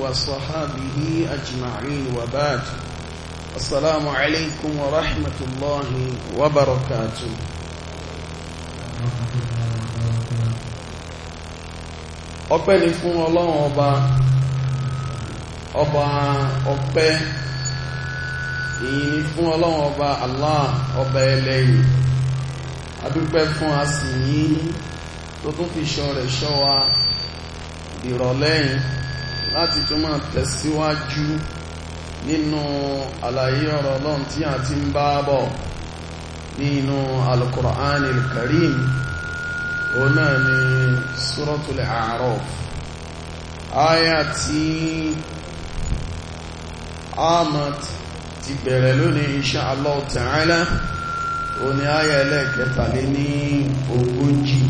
وصحابه أجمعين وبعد السلام عليكم ورحمة الله وبركاته ọpẹ́ ni fún ọlọ́run ọba ọba ọpẹ èyí ni fún ọlọ́run ọba Allah ọba ẹlẹ́yìn adúpẹ́ fún a tó tún fi ṣọ́ rẹ̀ ṣọ́ wa láti tó máa tẹ̀síwájú nínú àlàyé ọ̀rọ̀ Ọlọ́run tí a ti ń bá bọ̀ nínú Al-Qur'an al-Karim òun náà ni Suratul A'raf aya tí ahmad ti bẹ̀rẹ̀ lónìí insha Allah ta'ala òní aya ẹlẹ́ẹ̀kẹtàlé ní ogójì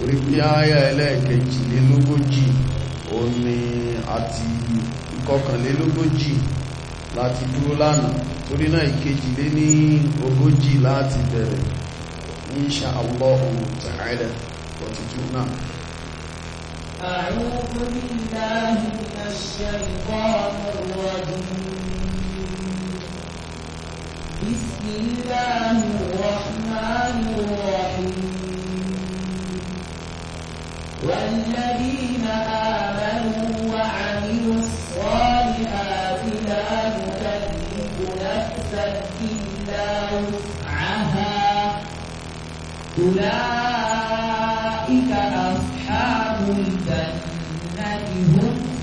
orí pé aya ẹlẹ́ẹ̀kẹjìlélógójì ó ní àti ìkọkànlélógójì láti dúró lánàá torí náà ìkejì lé ní ogójì láti bẹ̀rẹ̀ insha Allah ta'ala náà بسم الله الرحمن الرحيم والذين آمنوا وعملوا الصالحات لا نكلف نفسا إلا وسعها أولئك أصحاب الجنة هم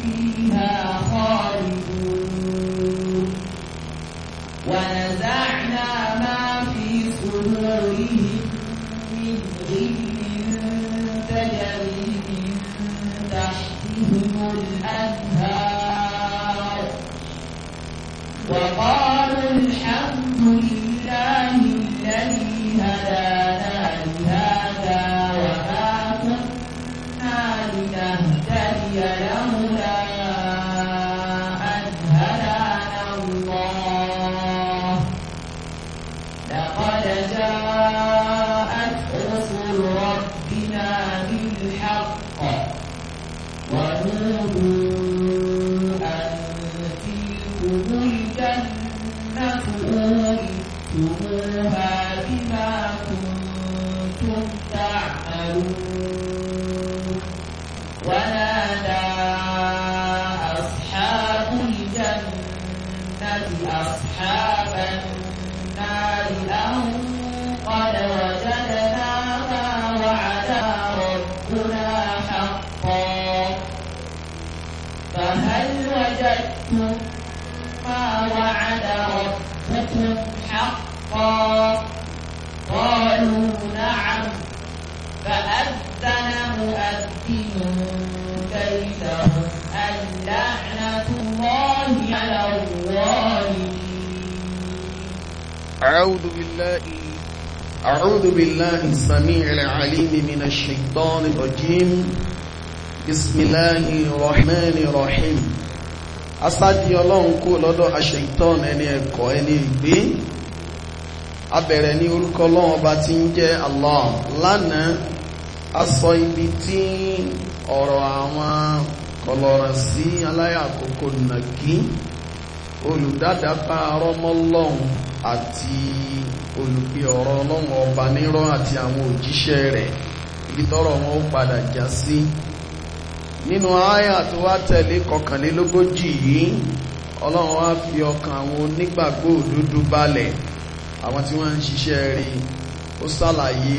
فيها خالدون ونزعنا ما في صدورهم من غل تجري الأنهار وقال فعلتموها بما كنتم تعملون ونادى أصحاب الجنة أصحاب النار أعوذ بالله أعوذ بالله السميع العليم من الشيطان الرجيم بسم الله الرحمن الرحيم asáàdì ọlọ́run kó lọ́dọ̀ aṣèitán ẹni ẹ̀kọ́ ẹni ìgbé abẹ̀rẹ̀ ní orúkọ ọlọ́run ọba tí ń jẹ́ Allah lánàá a sọ ibi tí ọ̀rọ̀ àwọn kọlọ̀rọ̀ sí aláyàkókò nàkí olùdádàbà ọlọ́run àti olùpẹ ọ̀rọ̀ ọlọ́run ọba nírọ́ àti àwọn òjíṣẹ́ rẹ̀ ibi tọ́rọ̀ wọn ó padà já sí nínú àyà tó wá tẹ̀lé kọkànlélógójì yìí ọlọ́run wá fi ọkàn àwọn onígbàgbọ́ òdodo balẹ̀ àwọn tí wọ́n ń ṣiṣẹ́ rí ó ṣàlàyé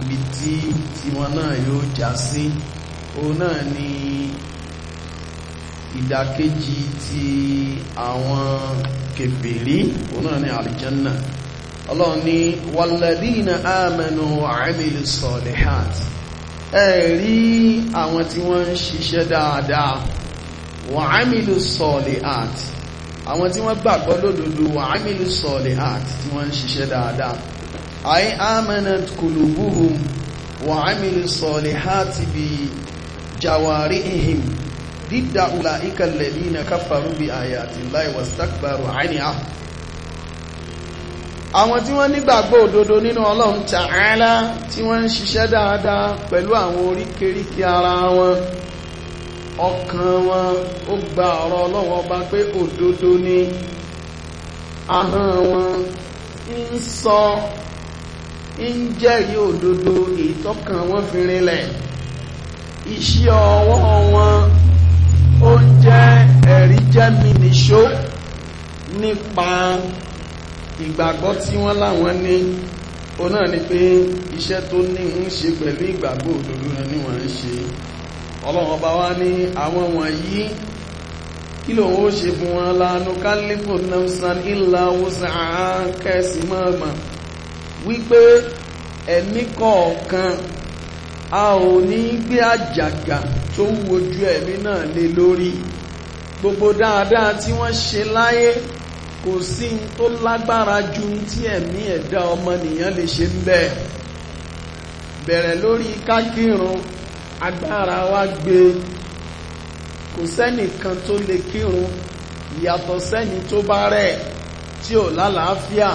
ibi tí tiwọn náà yóò já sí òun náà ni ìdàkejì ti àwọn kèfèrí òun náà ni àlìjánà ọlọ́run ní wàlàdínà àmẹ́nu àmìlì sọ̀lẹ̀hàt ẹ̀rí àwọn tí wọ́n ń ṣiṣẹ́ dáadáa wà ámìlì sọ̀lẹ̀hàt àwọn tí wọ́n gbàgbọ́ lódodo wà ámìlì sọ̀lẹ̀hàt tí wọ́n ń ṣiṣẹ́ dáadáa àyí àmẹ́nat kùlùbùhùm wà ámìlì sọ̀lẹ̀hàt bí jàwárí ihim ضد أولئك الذين كفروا بآيات الله واستكبروا عنها àwọn tí wọ́n nígbàgbọ́ òdodo nínú ọlọ́run Ta'ala tí wọ́n ń ṣiṣẹ́ dáadáa pẹ̀lú àwọn oríkèríkè ara wọn ọkàn wọn ó gba ọ̀rọ̀ ọlọ́run ọba pé òdodo ni ahọ́n wọn ń sọ ń jẹ́rìí òdodo èyí wọn fi rinlẹ̀ iṣẹ́ ọwọ́ wọn ó ń ẹ̀rí jẹ́ mi nìṣó nípa ìgbàgbọ́ tí wọ́n láwọn ní o náà ni pé iṣẹ́ tó ní ń ṣe pẹ̀lú ìgbàgbọ́ òdodo náà ni wọ́n ń ṣe ọlọ́run ọba wá ní àwọn wọ̀nyí kí lòun ó ṣe fún wọn lánú kálífò namsan ilá wùsàn wípé ẹ̀mí kọ̀ọ̀kan a ò ní gbé àjàgà tó ń wojú ẹ̀mí náà lé lórí gbogbo dáadáa tí wọ́n ṣe láyé kò sí n tó lágbára ju tí ẹ̀mí ẹ̀dá ọmọnìyàn lè ṣe ń bẹ́ẹ̀ bẹ̀rẹ̀ lórí kákírun agbára wa gbé kò sẹ́nìkan tó lè kírun ìyàtọ̀ sẹ́ni tó bá rẹ̀ tí ò lálàáfíà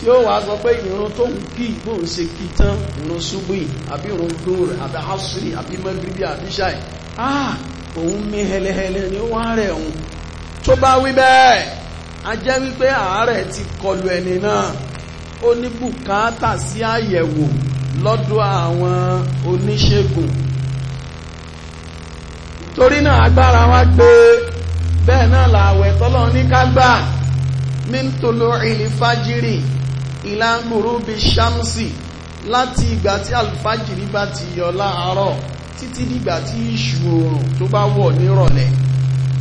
tí ó wà sọ pé ìrun tó ń kí bó ń ṣe kí tán ìrun ṣubú àbí ìrun dóòrè àbí hasri àbí magribi àbí ṣáì ah òun mí hẹlẹhẹlẹ ni ó wá rẹ̀ òun tó bá wí bẹ́ẹ̀ a jẹ́ wípé àárẹ̀ ti kọlù ẹni náà ó ní bùkátà sí àyẹ̀wò lọ́dọ̀ àwọn oníṣègùn torí náà agbára wa gbé bẹ́ẹ̀ náà làwẹ̀ tọ́lọ́ ní ká gbà min tulu ìlú fájírì ìlàngbòrò bí ṣámsì láti ìgbà tí alfajiri bá ti yọ láàárọ̀ títí dìgbà tí ìṣù oòrùn tó bá wọ̀ nírọ̀lẹ́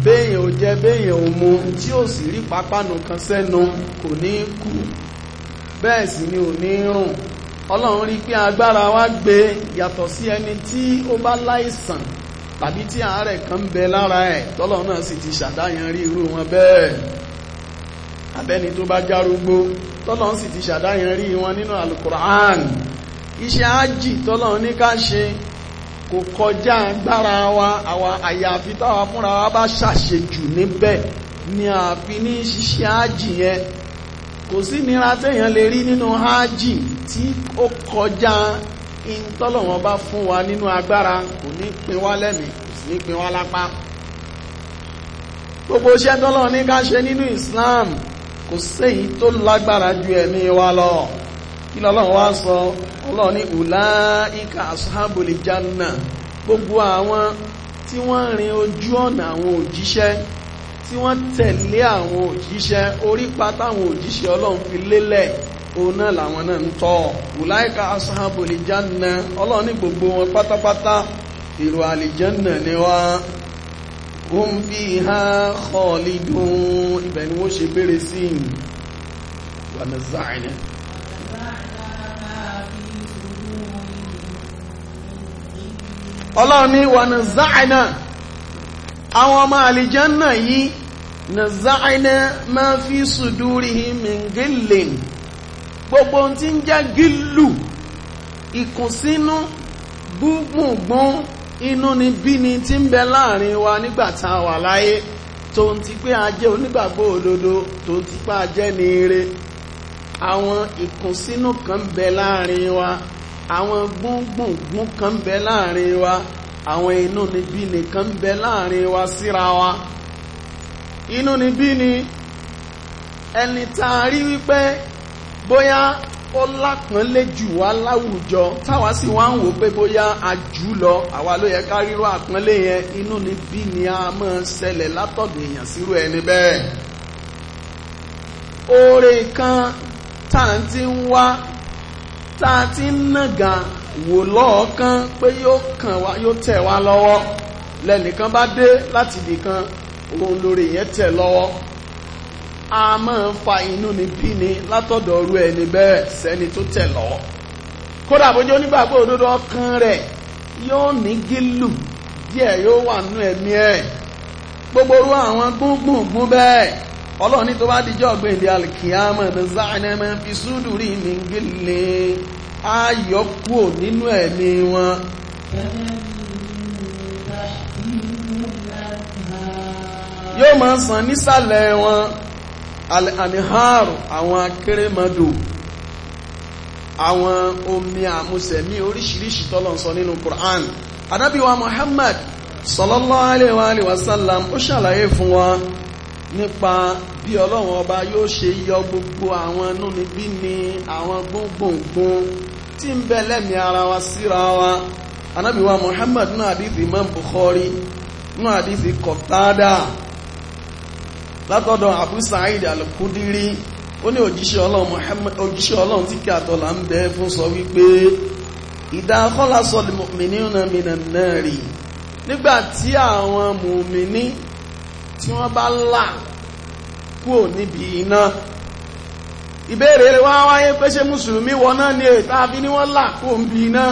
béèyàn ò jẹ béèyàn ò mu tí ò sì rí pápánu kan sẹ́nu kò ní kú bẹ́ẹ̀ sì ni ò ní rùn ọlọ́run rí pé agbára wa gbé yàtọ̀ sí ẹni tí ó bá láìsàn tàbí tí àárẹ̀ kan ń bẹ lára ẹ̀ tọ́lọ́run náà sì ti ṣàdáyanrí irú wọn bẹ́ẹ̀ àbẹ́ni tó bá járúgbó tọ́lọ́n sì ti ṣàdáyàn rí wọn nínú alukur'an iṣẹ́ ájì tọ́lọ́n ní ká ṣe kò kọjá agbára wa àwa àyàfi táwa fúnra wa bá ṣàṣejù níbẹ̀ ni àfi ní ṣiṣẹ́ ájì yẹn kò sí nira téèyàn lè rí nínú ájì tí ó kọjá ìtọ́lọ̀wọ́n bá fún wa nínú agbára kò ní pin wá lẹ́mí kò sí ní pin wá lápá gbogbo iṣẹ́ tọ́lọ̀ ní ká ṣe nínú Islam kò séyìí tó lágbára ju ẹ̀mí wa lọ kí lọ́lọ́run wá sọ ọlọ́run ní ulaika ashabul janna gbogbo àwọn tí wọ́n rin ojú ọ̀nà àwọn òjíṣẹ́ tí wọ́n tẹ̀lé àwọn òjíṣẹ́ orípa àwọn òjíṣẹ́ ọlọ́run fi làwọn náà ń tọ́ hum fiha khalidun ibẹ̀ ni wọ́n ṣe bèèrè sí wọ́n záàrẹ̀ ọlọ́run ni wọ́n záàrẹ̀ àwọn ọmọ àlìjánà yìí na záàrẹ̀ máa fi sudurihim min gillin gbogbo tí ń jẹ́ gílù ìkùnsínú gbùngbùn inú ni bí ni tí ń bẹ láàrin wa nígbà tá a wà láyé tó ń ti pé a jẹ́ onígbàgbọ́ òdodo tó ń ti pé a ní ire àwọn ìkùnsínú kan ń bẹ láàrin wa àwọn gbùngbùngbùn kan ń bẹ láàrin wa àwọn inú ni bí ni kan ń bẹ láàrin wa síra wa inú ni bí ni ẹni tá a rí wípé bóyá ó lápọ́nlé jù wá láwùjọ táwa sì wá ń wò pé bóyá a jù lọ àwa ló yẹ ká ríró àpọ́nlé yẹn inú ni bí ni a máa ṣẹlẹ̀ látọ̀dọ̀ èèyàn sírú ẹni bẹ́ẹ̀ oore kan tá à ń ti ń wá tá a ti ń nàgà wò lọ́ọ̀kan pé yóò kàn wá yóò tẹ̀ wá lọ́wọ́ lẹ́nìkan bá dé láti ibì kan òun lórí yẹn tẹ̀ lọ́wọ́ a máa fa inú ni bí ni látọ̀dọ̀ ọrú ẹni bẹ́ẹ̀ sẹ́ni tó tẹ̀ lọ kódà bójú onígbàgbọ́ òdodo ọkàn rẹ̀ yóò ní gílù díẹ̀ yóò wà nú ẹ̀mí ẹ̀ gbogbo orú àwọn gbóngbóngbó bẹ́ẹ̀ ọlọ́run ní tó bá dijọ́ ọ̀gbìn ìdí alìkìyàmọ̀ ìdánsáàmọ̀ fi súdùrí ní gílè ayọ́kùò nínú ẹ̀mí wọn yóò máa sàn wọn al-anihaaru àwọn akérèmọdò àwọn omi àmúsẹ̀mí oríṣiríṣi tọ́lọ̀ sọ nínú Qur'an Ànábì Muhammad sallallahu alaihi wa sallam ó ṣàlàyé fún wa nípa bí Ọlọ́run ọba yóò ṣe yọ gbogbo àwọn núnibíni àwọn gbóngbòngbòn tí ń bẹ lẹ́mí ara Muhammad náà hadisi Imam Bukhari látọ̀dọ̀ Abu Sa'id al-Khudri ó ní òjíṣẹ́ ọlọ́run Muhammad òjíṣẹ́ ọlọ́run tí kí àtọ́là ń bẹ fún sọ wípé ìdá khalasal mu'minuna minan nari nígbà tí àwọn mùmìnì tí wọ́n bá là kúrò níbi iná ìbéèrè rẹ̀ wá wáyé pé ṣé mùsùlùmí wọ náà ní èyí ní wọ́n là kó ń bi iná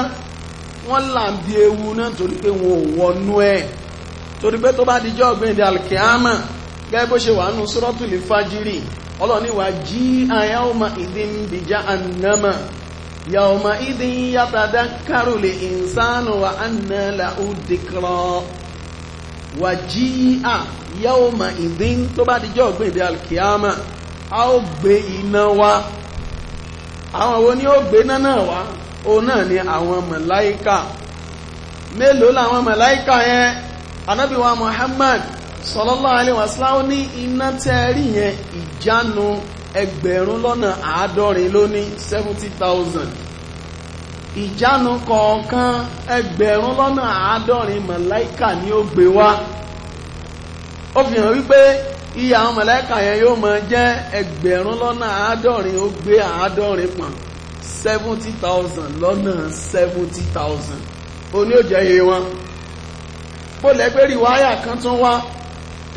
gẹ́gẹ́ bó ṣe wà nù suratul fàjírì ọlọ́ni wà jí àyàwòmà ìdín bìjá ànàmà yàwòmà ìdín yàtàdá kárùlẹ̀ ìsánù wà ánà làúdìkọ́ wà jí àyàwòmà ìdín tó bá dijọ́ gbèdé alkiyama a ó gbé iná wá àwọn wo ni ó gbé náà wá òun náà ni àwọn màláíkà mélòó làwọn màláíkà yẹn anábìwá Muhammad sọlọ́lá àlewàsílá ó ní iná tẹ́ rí yẹn ìjánu ẹgbẹ̀rún lọ́nà àádọ́rin ló 70,000 ìjánu kọ̀ọ̀kan ẹgbẹ̀rún lọ́nà àádọ́rin màláíkà ni ó gbé wá ó fi hàn wípé iye àwọn màláíkà yẹn yóò máa jẹ́ ẹgbẹ̀rún lọ́nà àádọ́rin ó gbé àádọ́rin pọ̀n 70,000 lọ́nà 70,000 ó ní wọn wáyà kan tún wá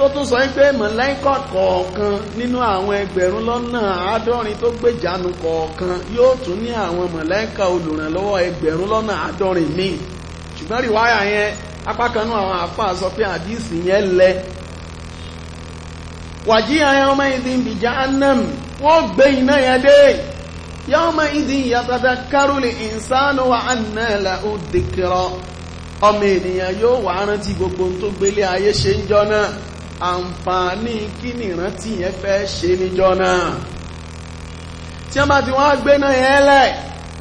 tó tún sọ pé mọ̀lẹ́kọ̀ kọ̀ọ̀kan nínú àwọn ẹgbẹ̀rún lọ́nà àádọ́rin tó gbéjánu kọ̀ọ̀kan yóò tún ní àwọn mọ̀lẹ́kà olùrànlọ́wọ́ ẹgbẹ̀rún lọ́nà àádọ́rin míì ṣùgbọ́n rìwáyà yẹn àwọn sọ pé àdísì yẹn lẹ wàjí ayé ọmọ ìdí ń bìjà anam gbé iná yẹn dé yá ọmọ ìdí kárólì ìsánú ọmọ ènìyàn yóò rántí gbogbo tó ayé ṣe ń àǹfààní kí ni ìrántí yẹn fẹ́ ṣe níjọ́ náà tí a bá ti wọ́n gbé náà yẹn lẹ̀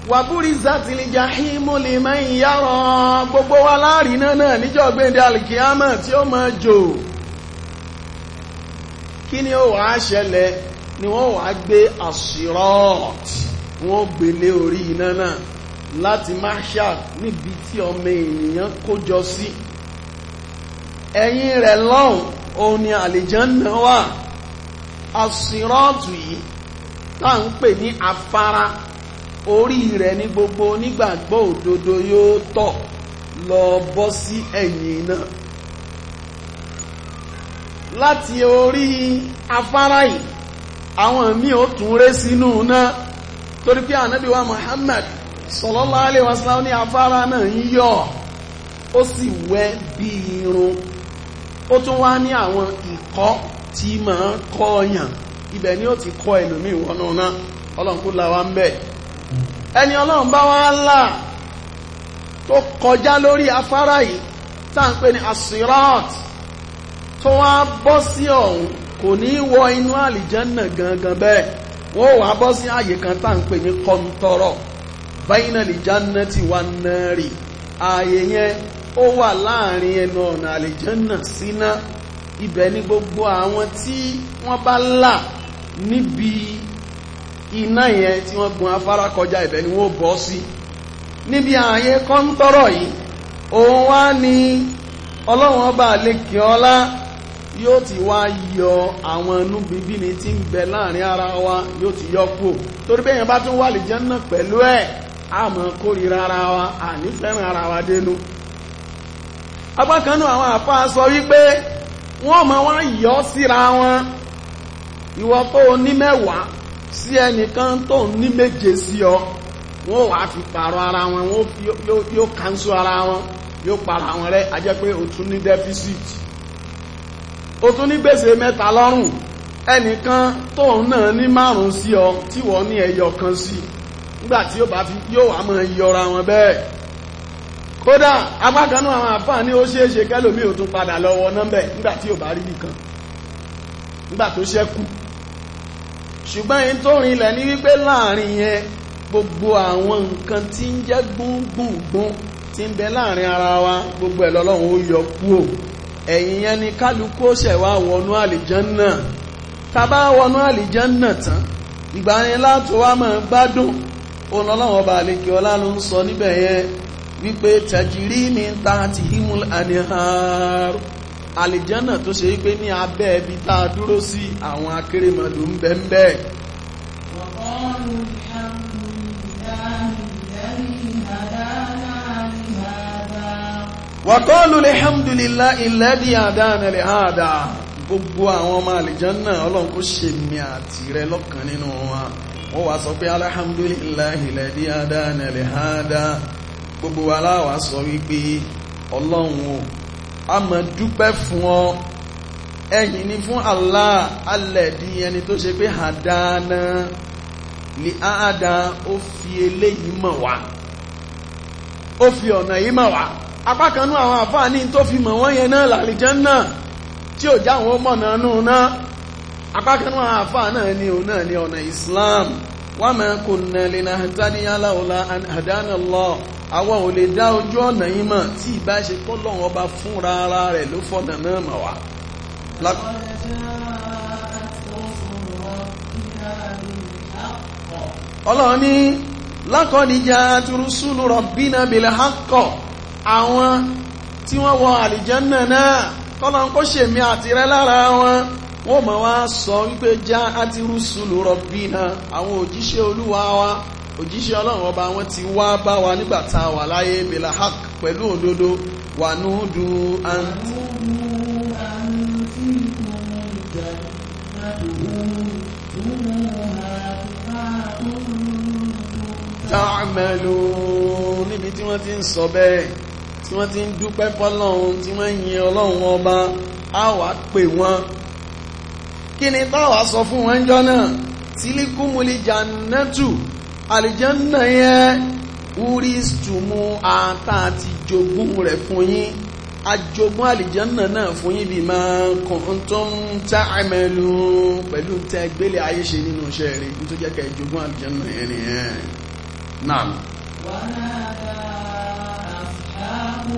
wàbúrí zátìlì jahimu lè mẹ́yìn yàrá gbogbo wa láàrin náà náà níjọ́ gbéǹde alìkíámà tí ó máa jò kí ni ó wàá ṣẹlẹ̀ ni wọ́n wàá gbé àṣírọ́ọ̀tì wọ́n gbélé orí iná náà láti máṣà níbi tí ọmọ ènìyàn kójọ sí. Si ẹ̀yìn rẹ̀ lọ́hùn òun ni àlìjánná wà àsìrọ́ọ̀tù yìí tá ń pè ní afárá orí rẹ̀ ní gbogbo onígbàgbọ́ òdodo yóò tọ̀ lọ bọ́ sí ẹ̀yìn iná láti orí afárá yìí àwọn míì ó tún ré sínú iná torí pé ànábì wa Muhammad sallallahu alaihi wasallam ní afárá náà ń yọ ó sì wẹ́ bí irun ó tún wá ní àwọn ìkọ́ tí máa kọ́ yàn ibẹ̀ ni ó ti kọ́ ẹlòmíì wọnú náà ọlọ́run kó la wá ń bẹ̀ ẹni ọlọ́run bá wá là tó kọjá lórí afárá yìí tá ń pè ní asirat tó wá bọ́ sí ọ̀hún kò ní wọ inú àlìjánà gangan bẹ́ẹ̀ wọ́n wá bọ́ sí àyè kan tá à ń pè ní kọ́ńtọ́rọ̀ báyìí náà lìjánà ti wà náà rì ààyè yẹn ó wà láàrin ẹnu ọ̀nà àlìjánà síná ibẹ̀ ní gbogbo àwọn tí wọ́n bá là níbi iná yẹn tí wọ́n gun afárá kọjá ibẹ̀ ni wọ́n bọ́ sí níbi ààyè kọ́ńtọ́rọ̀ yìí òun wá ní ọlọ́run ọba àlekè ọlá yóò ti wá yọ àwọn inú bíbí ni tí ń bẹ láàrin ara wa yóò ti yọ kú torí bẹ́yẹn bá tún wà lè jẹ́ náà pẹ̀lú ẹ̀ àmọ́ kórìíra ara wa àní fẹ́ràn ara wa dénú apákanú àwọn àfáà sọ wípé wọ́n mọ̀ wọ́n yọ́ síra wọn ìwọ tó o ní mẹ́wàá sí ẹnìkan tó o ní méje sí ọ wọ́n wàá fi pààrọ̀ ara wọn wọ́n yóò kánṣu ara wọn yóò para àwọn rẹ̀ a pé o tún ní deficit o tún ní gbèsè mẹ́ta lọ́rùn ẹnìkan tó o náà ní márùn-ún sí ọ tí wọ́n ní ẹyọ kan sí nígbà tí yóò bá fi yóò wá mọ̀ yọra wọn bẹ́ẹ̀ kódà apákanú àwọn àfáà ní ó ṣe é ṣe kẹ́lòmí ò tún padà lọ́wọ́ nọ́mbẹ̀ nígbà tí ò bá rí nìkan nígbà tó ṣẹ́kù ṣùgbọ́n èyí tó rinlẹ̀ ní wípé láàrin yẹn gbogbo àwọn nǹkan tí ń jẹ́ gbùngbùngbùn tí ń bẹ láàrin ara wa gbogbo ẹ̀ lọ́lọ́run ó yọ kúrò ẹ̀yìn yẹn ni kálukú ó ṣẹ̀ wá wọnú àlìjánná tá bá wọnú àlìjánná tán ìgbà yẹn láti wá máa gbádùn òun lọ́lọ́run ọba àlekè ọlá ló ń sọ níbẹ̀ yẹn wípé tajiri mi ń ta ti himul anihar àlìjánà tó ṣe wípé ní abẹ́ ibi tá a dúró sí àwọn akérèmọdò ń bẹ ń bẹ. wàkọ́ọ̀lù lẹ́hàmdùlélá ìlẹ́dí àdáàna lè hàdà gbogbo àwọn ọmọ àlìjánà ọlọ́run kó ṣe mi àti rẹ lọ́kàn nínú wọn wọ́n wá sọ pé alhamdulillah ìlẹ́dí àdáàna lè gbogbo wa láwà sọ wípé ọlọ́run o a mọ̀ dúpẹ́ fún ọ ẹ̀yìn ni fún Allah alẹ́dí ẹni tó ṣe pé àdáná ni àádá ó fi eléyìí mọ̀ wá ó fi ọ̀nà yìí mọ̀ wá apá kan nú àwọn àfáàní tó fi mọ̀ wọ́n yẹn náà làlìjánnà tí ò já àwọn ọmọ náà nù náà apá kan nú àwọn àfáà ni òun náà ni ọ̀nà Islam wa ma kunna linahtadiya lawla an hadana Allah àwọn ò lè dá ojú ọ̀nà yìí mọ̀ tí ìbá ṣe pọ́lọ́run ọba fúnra ara rẹ̀ ló fọ̀nà náà mọ̀ wá ọlọ́run ní lákọ̀ọ́díjà turusúlù rọ̀bínà bèèrè hákọ̀ àwọn tí wọ́n wọ àlìjẹ́nà náà kọ́lọ̀ kó ṣe mi àti rẹ lára wọn wọ́n mọ̀ wá sọ wípé já àtirusúlù rọ̀bínà àwọn òjíṣẹ́ olúwa wa òjíṣẹ́ ọlọ́run ọba wọn ti wá bá wa nígbà tá a wà láyé bilahak pẹ̀lú òdodo wà ní du àǹtí. tààmẹ́lú níbi tí wọ́n ti ń sọ bẹ́ẹ̀ tí wọ́n ti ń dúpẹ́ fọ́lọ́run tí wọ́n yin ọlọ́run ọba á wàá pè wọ́n kí ni táwa sọ fún wọn jọ náà tílíkùmùlì jannatu àlìjánná yẹn wúrí tùmù àtà àti jogún rẹ̀ fún yín ajogún àlìjánná náà fún yín bí máa kàn tó ń tá àmẹ́lú pẹ̀lú tẹ gbélé ayé ṣe nínú iṣẹ́ rẹ̀ tó jẹ́ ká ìjogún àlìjánná yẹn nìyẹn náà. wàhálà àfihàn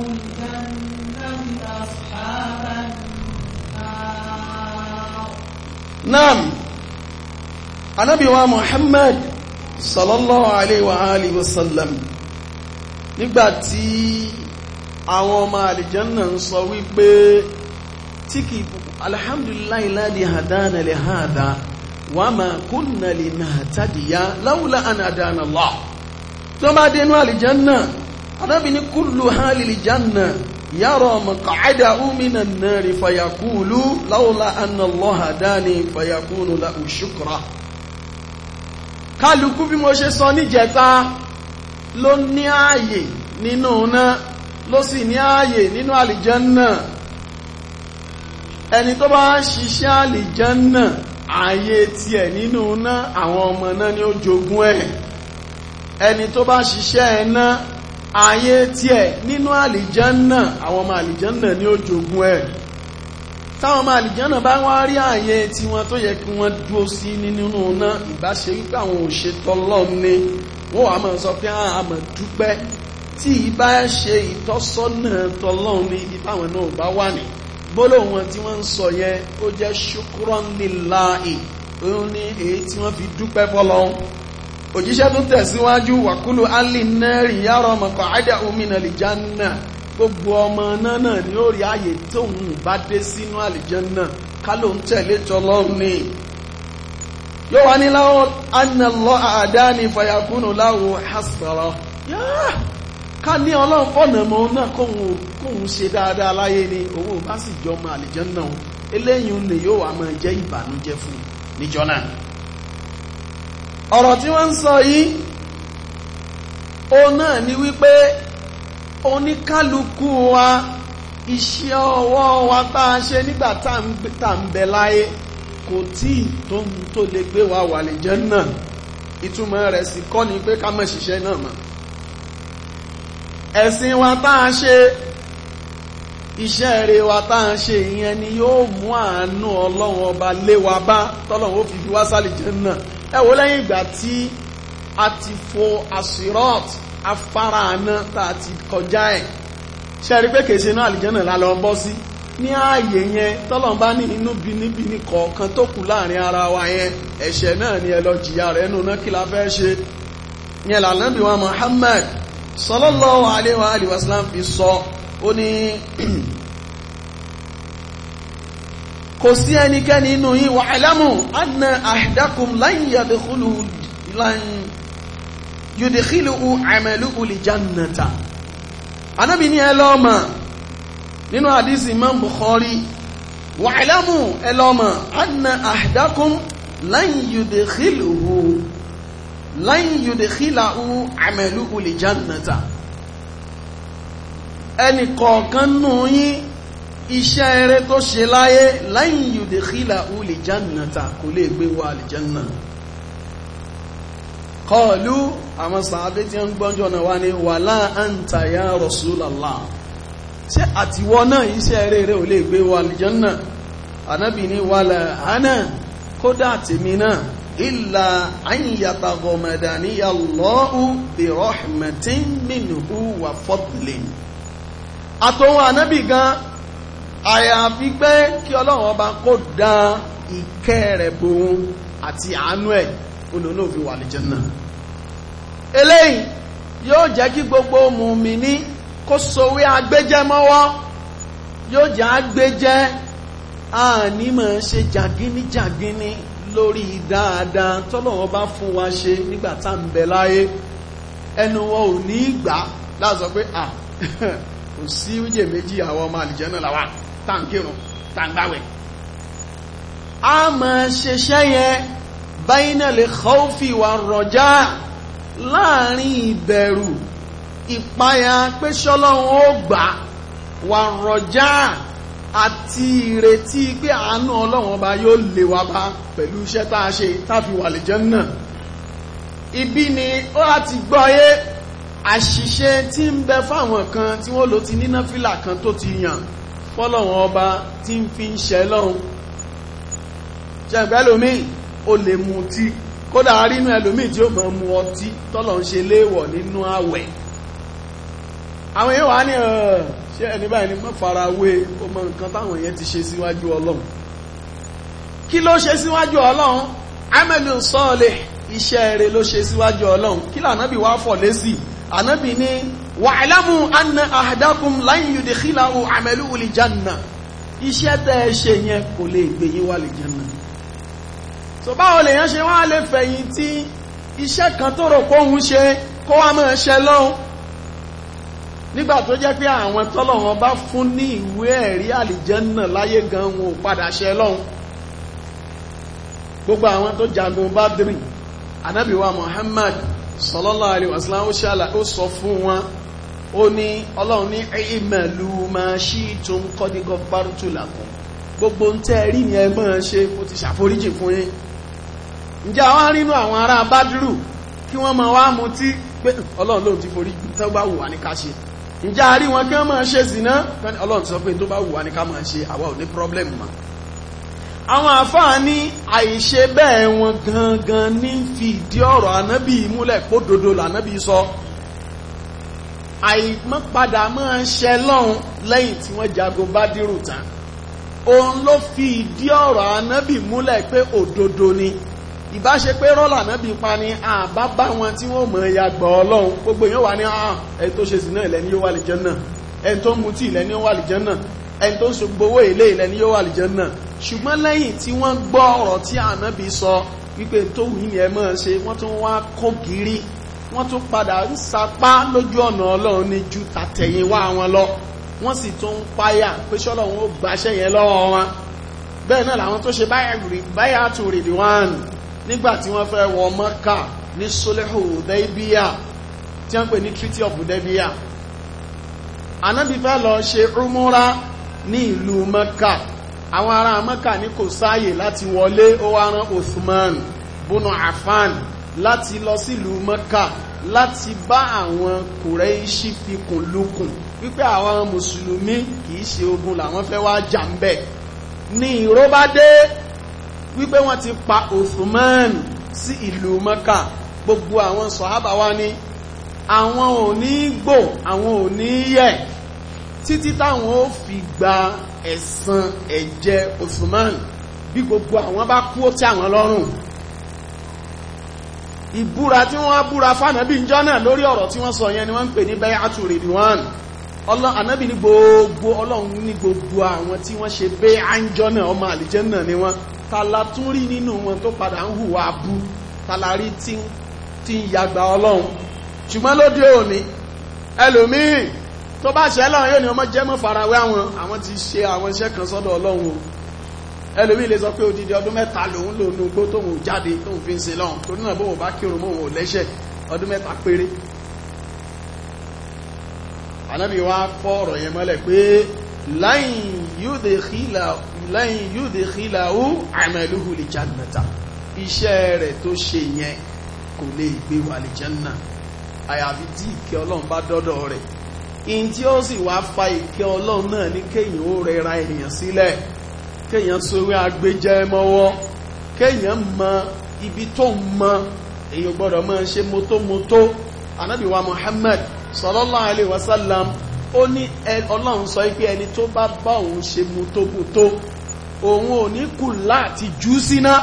wa Muhammad sallallahu alayhi wa alihi wa sallam nígbàtí àwọn ọmọ àlìjánà ń sọ wípé tí kì alhamdulillahi alladhi hadana li hadha wa ma kunna linahtadiya lawla an hadana Allah tó bá dénú àlìjánà anábìní kullu hali àlìjánà yàrá mọ̀kàádà òmìnà náà rí fayakúlù láwọ́lá annàlọ́hà dáni fayakúlù la òṣùkúrà kálukú bí mo ṣe sọ níjẹta ló ní ààyè nínú náà ló sì ní ààyè nínú àlìjánà ẹni tó bá ń ṣiṣẹ́ àlìjánà ààyè tiẹ̀ nínú náà àwọn ọmọ náà ni ó jogún ẹ̀ ẹni tó bá ṣiṣẹ́ ẹ̀ná ààyè tiẹ̀ nínú àlìjánà àwọn ọmọ àlìjánà ni ó jogún ẹ̀ táwọn máa lìjánà bá wá rí ààyè tí wọ́n tó yẹ kí wọ́n dúró sí nínú ọ̀nà ìbáṣe wípé àwọn òṣètò Ọlọ́run ni wọ́n wà máa sọ pé ah, a máa dúpẹ́ tí ìbá ṣe ìtọ́sọ́nà tọlọ́run ní ibi táwọn náà bá wà ní gbólóhùn wọn tí wọ́n ń sọ yẹn ó jẹ́ ṣukran òun ní èyí tí wọ́n fi dúpẹ́ fọ́lọ́run òjíṣẹ́ tó tẹ̀síwájú wàkúlù alì yàrá ọmọkọ̀ gbogbo ọmọ náà náà ni ó rí ààyè tóun bá dé sínú àlìjánná ká ló ń tẹ̀lé tọlọ́run ni yóò wá ní láwọn anàlọ́ àdáni fàyàkúnnù láwọn hasara ká ní ọlọ́run fọ̀nà mọ́ náà kóhun ṣe dáadáa láyé ni owó bá sì jọ ọmọ àlìjánná o eléyìí ni yóò wá máa jẹ́ ìbànújẹ́ fún níjọ náà ọ̀rọ̀ tí wọ́n ń sọ yìí ó náà ni wípé oníkálukú wa iṣẹ́ ọwọ́ wa tá a ṣe nígbà tá à ń bẹ láyé kò tí ì tó ń tó lè gbé wa wà lè jẹ́ náà ìtumọ̀ rẹ̀ sì kọ́ ni pé ká má ṣiṣẹ́ náà mọ́ ẹ̀sìn wa tá a ṣe iṣẹ́ rẹ̀ wa tá a ṣe ìyẹn ni yóò mú àánú ọlọ́run ọba lé wa bá tọ́lọ́run ó fi fi wá sálì jẹ́ náà ẹ wo lẹ́yìn ìgbà tí a ti fo asirat afárá aná tá a ti kọjá ẹ̀ ṣẹ́rí pé kèsè náà àlìjẹ́nà lálọ́ bọ́ sí ní ààyè yẹn tọ́lọ́n bá ní inú bínibíni kọ̀ọ̀kan tó kù láàrin ara wa yẹn ẹ̀ṣẹ̀ náà ni ẹ lọ jìyà rẹ̀ nù náà kí la fẹ́ ṣe yẹn lànàbí wa Muhammad sallallahu alaihi wa alihi wasallam fi sọ ó ní kò sí ẹnikẹ́ni inú yín wa'lamu anna ahdakum lan yadkhulu yudikhilu amalu ulijannata anabi ni ẹlọ́mà nínú àdísì imam bukhari wà ìlàmù ẹlọ́mà anna ahdakum lan yudikhilu lan yudikhilu amalu ulijannata ẹni kọ̀ọ̀kan nù yín iṣẹ́ eré tó ṣe láyé lan yudikhilu ulijannata kò lè gbé wa alijannata kọlu àwọn sàábé tí ó ń gbọ́njọ́ náà wá ní wala anta ya Rasulallah ṣe àtiwọ́ náà iṣẹ́ rere ò lè gbé wa àlìjánà anábì ní wala hánà kódà tèmi náà illa an yataghamadaniya Allahu bi rahmatin ìkẹ́ rẹ̀ bòun àti àánú ẹ̀ olóòlò fi wà lè jẹ́ náà eléyìí yóò jẹ́ kí gbogbo mùmíní kó sowé agbéjẹ́ mọ́wọ́ yóò jẹ́ agbéjẹ́ àní máa ṣe jàgínníjàgínní lórí dáadáa tọ́lọ́wọ́ bá fún wa ṣe nígbà tá ń bẹ láyé ẹnu wọn ò ní ìgbà láàzọ pé à kò sí wíjẹ méjì àwọn ọmọ àlìjẹ́nà làwà tá ń kírun tá ń gbáwẹ̀ a máa ṣeṣẹ́ yẹn bainal khawfi war raja láàrin ìbẹ̀rù ìpayà pé ṣọ́lọ́run ó gbà wà rọjá àti ìrètí pé àánú ọlọ́run ọba yóò lè wá bá pẹ̀lú iṣẹ́ tá a ṣe táfi wà lè jẹ́nnà ibi ni ó láti gbọ́yé àṣìṣe tí ń bẹ fáwọn kan tí wọ́n lò ti ní náfìlà kan tó ti yàn fọ́lọ́run ọba tí ń fi ń ṣẹ́ lọ́run ṣẹ̀gbẹ́ lómi ó lè mutí kódà arínú ẹlòmíì tí ó mọ̀ mu ọtí tọ́lọ̀ ń ṣe léèwọ̀ nínú àwẹ̀ àwọn èèyàn wà ní ọ̀rọ̀ ṣé ẹni báyìí ni mọ́ fara wé ó mọ nǹkan táwọn èèyàn ti ṣe síwájú ọlọ́run kí ló ṣe síwájú ọlọ́run amẹ́lù sọ́ọ̀lẹ̀ iṣẹ́ rẹ̀ ló ṣe síwájú ọlọ́run kí lànàbì wá fọ̀ lésì ànàbì ní wa'lamu anna ahadakum lan yudkhilahu amalu li janna iṣẹ́ tẹ́ ẹ ṣe yẹn kò lè gbé yín wà lè janna so báwo lèyàn ṣe wọ́n á lè fẹ̀yìntì iṣẹ́ kan tó rò kóhun ṣe kó wá máa ṣe lọ́hùn nígbà tó jẹ́ pé àwọn tọ́lọ̀wọ́n bá fún ní ìwé ẹ̀rí àlìjẹ́nà láyé gan wọn ò padà ṣe lọ́hùn gbogbo àwọn tó jagun Badri Ànábì wa Muhammad sallallahu alaihi wasallam ó sọ fún wọn ó ní ọlọ́run ní ìmẹ̀lú ma ṣí tó ń kọ́ dígọ́ bárútù làkùn gbogbo ń tẹ́ rí ni ẹ máa ṣe ó ti ṣàforíjì fún yín ǹjẹ́ àwọn rínú àwọn ará bádùrù kí wọ́n máa wá mu tí pé ọlọ́run lóun ti forí tó bá wù wá ní ká ṣe ǹjẹ́ a rí wọn kí wọ́n máa ṣe zìnà ọlọ́run sọ pé tó bá wù wá ní ká máa ṣe àwa ò ní pírọ́blẹ́mù mọ́ àwọn àfáà ní àìṣe bẹ́ẹ̀ wọn gangan ní fìdí ọ̀rọ̀ ànábì múlẹ̀ kódodo lànábì sọ àìmọ́padà máa ń ṣẹ lọ́hùn lẹ́yìn tí wọ́n jagun Bádírù tán òun ló fi ìdí ọ̀rọ̀ ànábì múlẹ̀ pé òdodo ni ìbá ṣe pé rọ́là náà bí pa ni àbá bá wọn tí wọ́n mọ̀ ẹ̀yà gbọ́ ọlọ́run gbogbo yóò wà ní ẹni tó ṣe sí náà ilẹ̀ ni yóò wà lè jẹ́nà ẹni tó ń mutí ilẹ̀ ni yóò wà lè jẹ́nà ẹni tó ń ṣògbówó ilé ilẹ̀ ni yóò wà lè jẹ́nà ṣùgbọ́n lẹ́yìn tí wọ́n gbọ́ ọ̀rọ̀ tí ànábì sọ wípé tó wù ní ẹ mọ́ ṣe wọ́n tún wá kó kiri wọ́n tún padà ń sapá lójú ọ̀nà ọlọ́run ní ju tàtẹ̀yìnwá wọn lọ wọ́n sì tún ń páyà pé ṣọ́lọ́run ó gbaṣẹ́ yẹn lọ́wọ́ wọn bẹ́ẹ̀ náà làwọn tó ṣe báyà tù rìdíwáàni nígbà tí wọ́n fẹ́ wọ Mọ́kà ní Sulhu Hudaybiyah tí wọ́n pè ní Treaty of Hudaybiyah anábì fẹ́ lọ ṣe umura ní ìlú Mọ́kà àwọn ará Mọ́kà ní kò sáàyè láti wọlé ó wá rán Uthman bunu Affan láti lọ sílùú Mọ́kà láti bá àwọn Kùrẹ́ṣì fi kùn lukùn wípé àwọn mùsùlùmí kìí ṣe ogun làwọn fẹ́ wá jà ń ni ìró bá dé wípé wọ́n ti pa Uthman sí ìlú Mẹ́kà gbogbo àwọn sọ̀hábà wá ní àwọn ò ní gbò àwọn ò ní yẹ̀ títí táwọn ó fi gba ẹ̀san ẹ̀jẹ̀ Uthman bí gbogbo àwọn bá kú ó tẹ́ àwọn lọ́rùn ìbúra tí wọ́n búra fánàbí ń jọ́nà lórí ọ̀rọ̀ tí wọ́n sọ yẹn ni wọ́n ń pè ní bay'atu ridwan anábì ní gbogbo ọlọ́run ní gbogbo àwọn tí wọ́n ṣe bẹ́ àjọ́nà ọmọ àlìjẹ́nà ni wọ́n tàlà tún rí nínú wọn tó padà ń hùwà bú tàlà rí tí ń yàgbà ọlọ́run ṣùgbọ́n lóde òní ẹlòmíì tó bá ṣẹ̀ lọ́run yóò ní ọmọ jẹ́ mọ́ farawé àwọn àwọn ti ṣe àwọn iṣẹ́ kan sọ́dọ̀ ọlọ́run o ẹlòmíì lè sọ pé odidi ọdún mẹ́ta lòun lò nù gbó tóun jáde tóun fi ń ṣe lọ́run torí náà bóun bá kírun mọ́ òun ò lẹ́ṣẹ̀ ọdún mẹ́ta péré ànábì wa fọ́ ọ̀rọ̀ yẹn mọ́lẹ̀ pé láyìn yóò dé lẹ́yìn yudkhilahu amaluhu lil jannata iṣẹ́ rẹ̀ tó ṣe yẹn kò lè gbé wà lil janna àyàfi tí ìkẹ́ ọlọ́run bá dọ́dọ̀ rẹ̀ in tí ó sì wá fa ìkẹ́ ọlọ́run náà ní kéèyàn ó rẹra ènìyàn sílẹ̀ kéèyàn sórí agbéjẹ́ mọ́wọ́ kéèyàn mọ ibi tó ń mọ èèyàn gbọ́dọ̀ máa ṣe mọ́tómọ́tó anábìwá Muhammad sallallahu alaihi wasallam ó ní ọlọ́run sọ pé ẹni tó bá bá òun ṣe mu tógun tó òun ò ní kù láti jù síná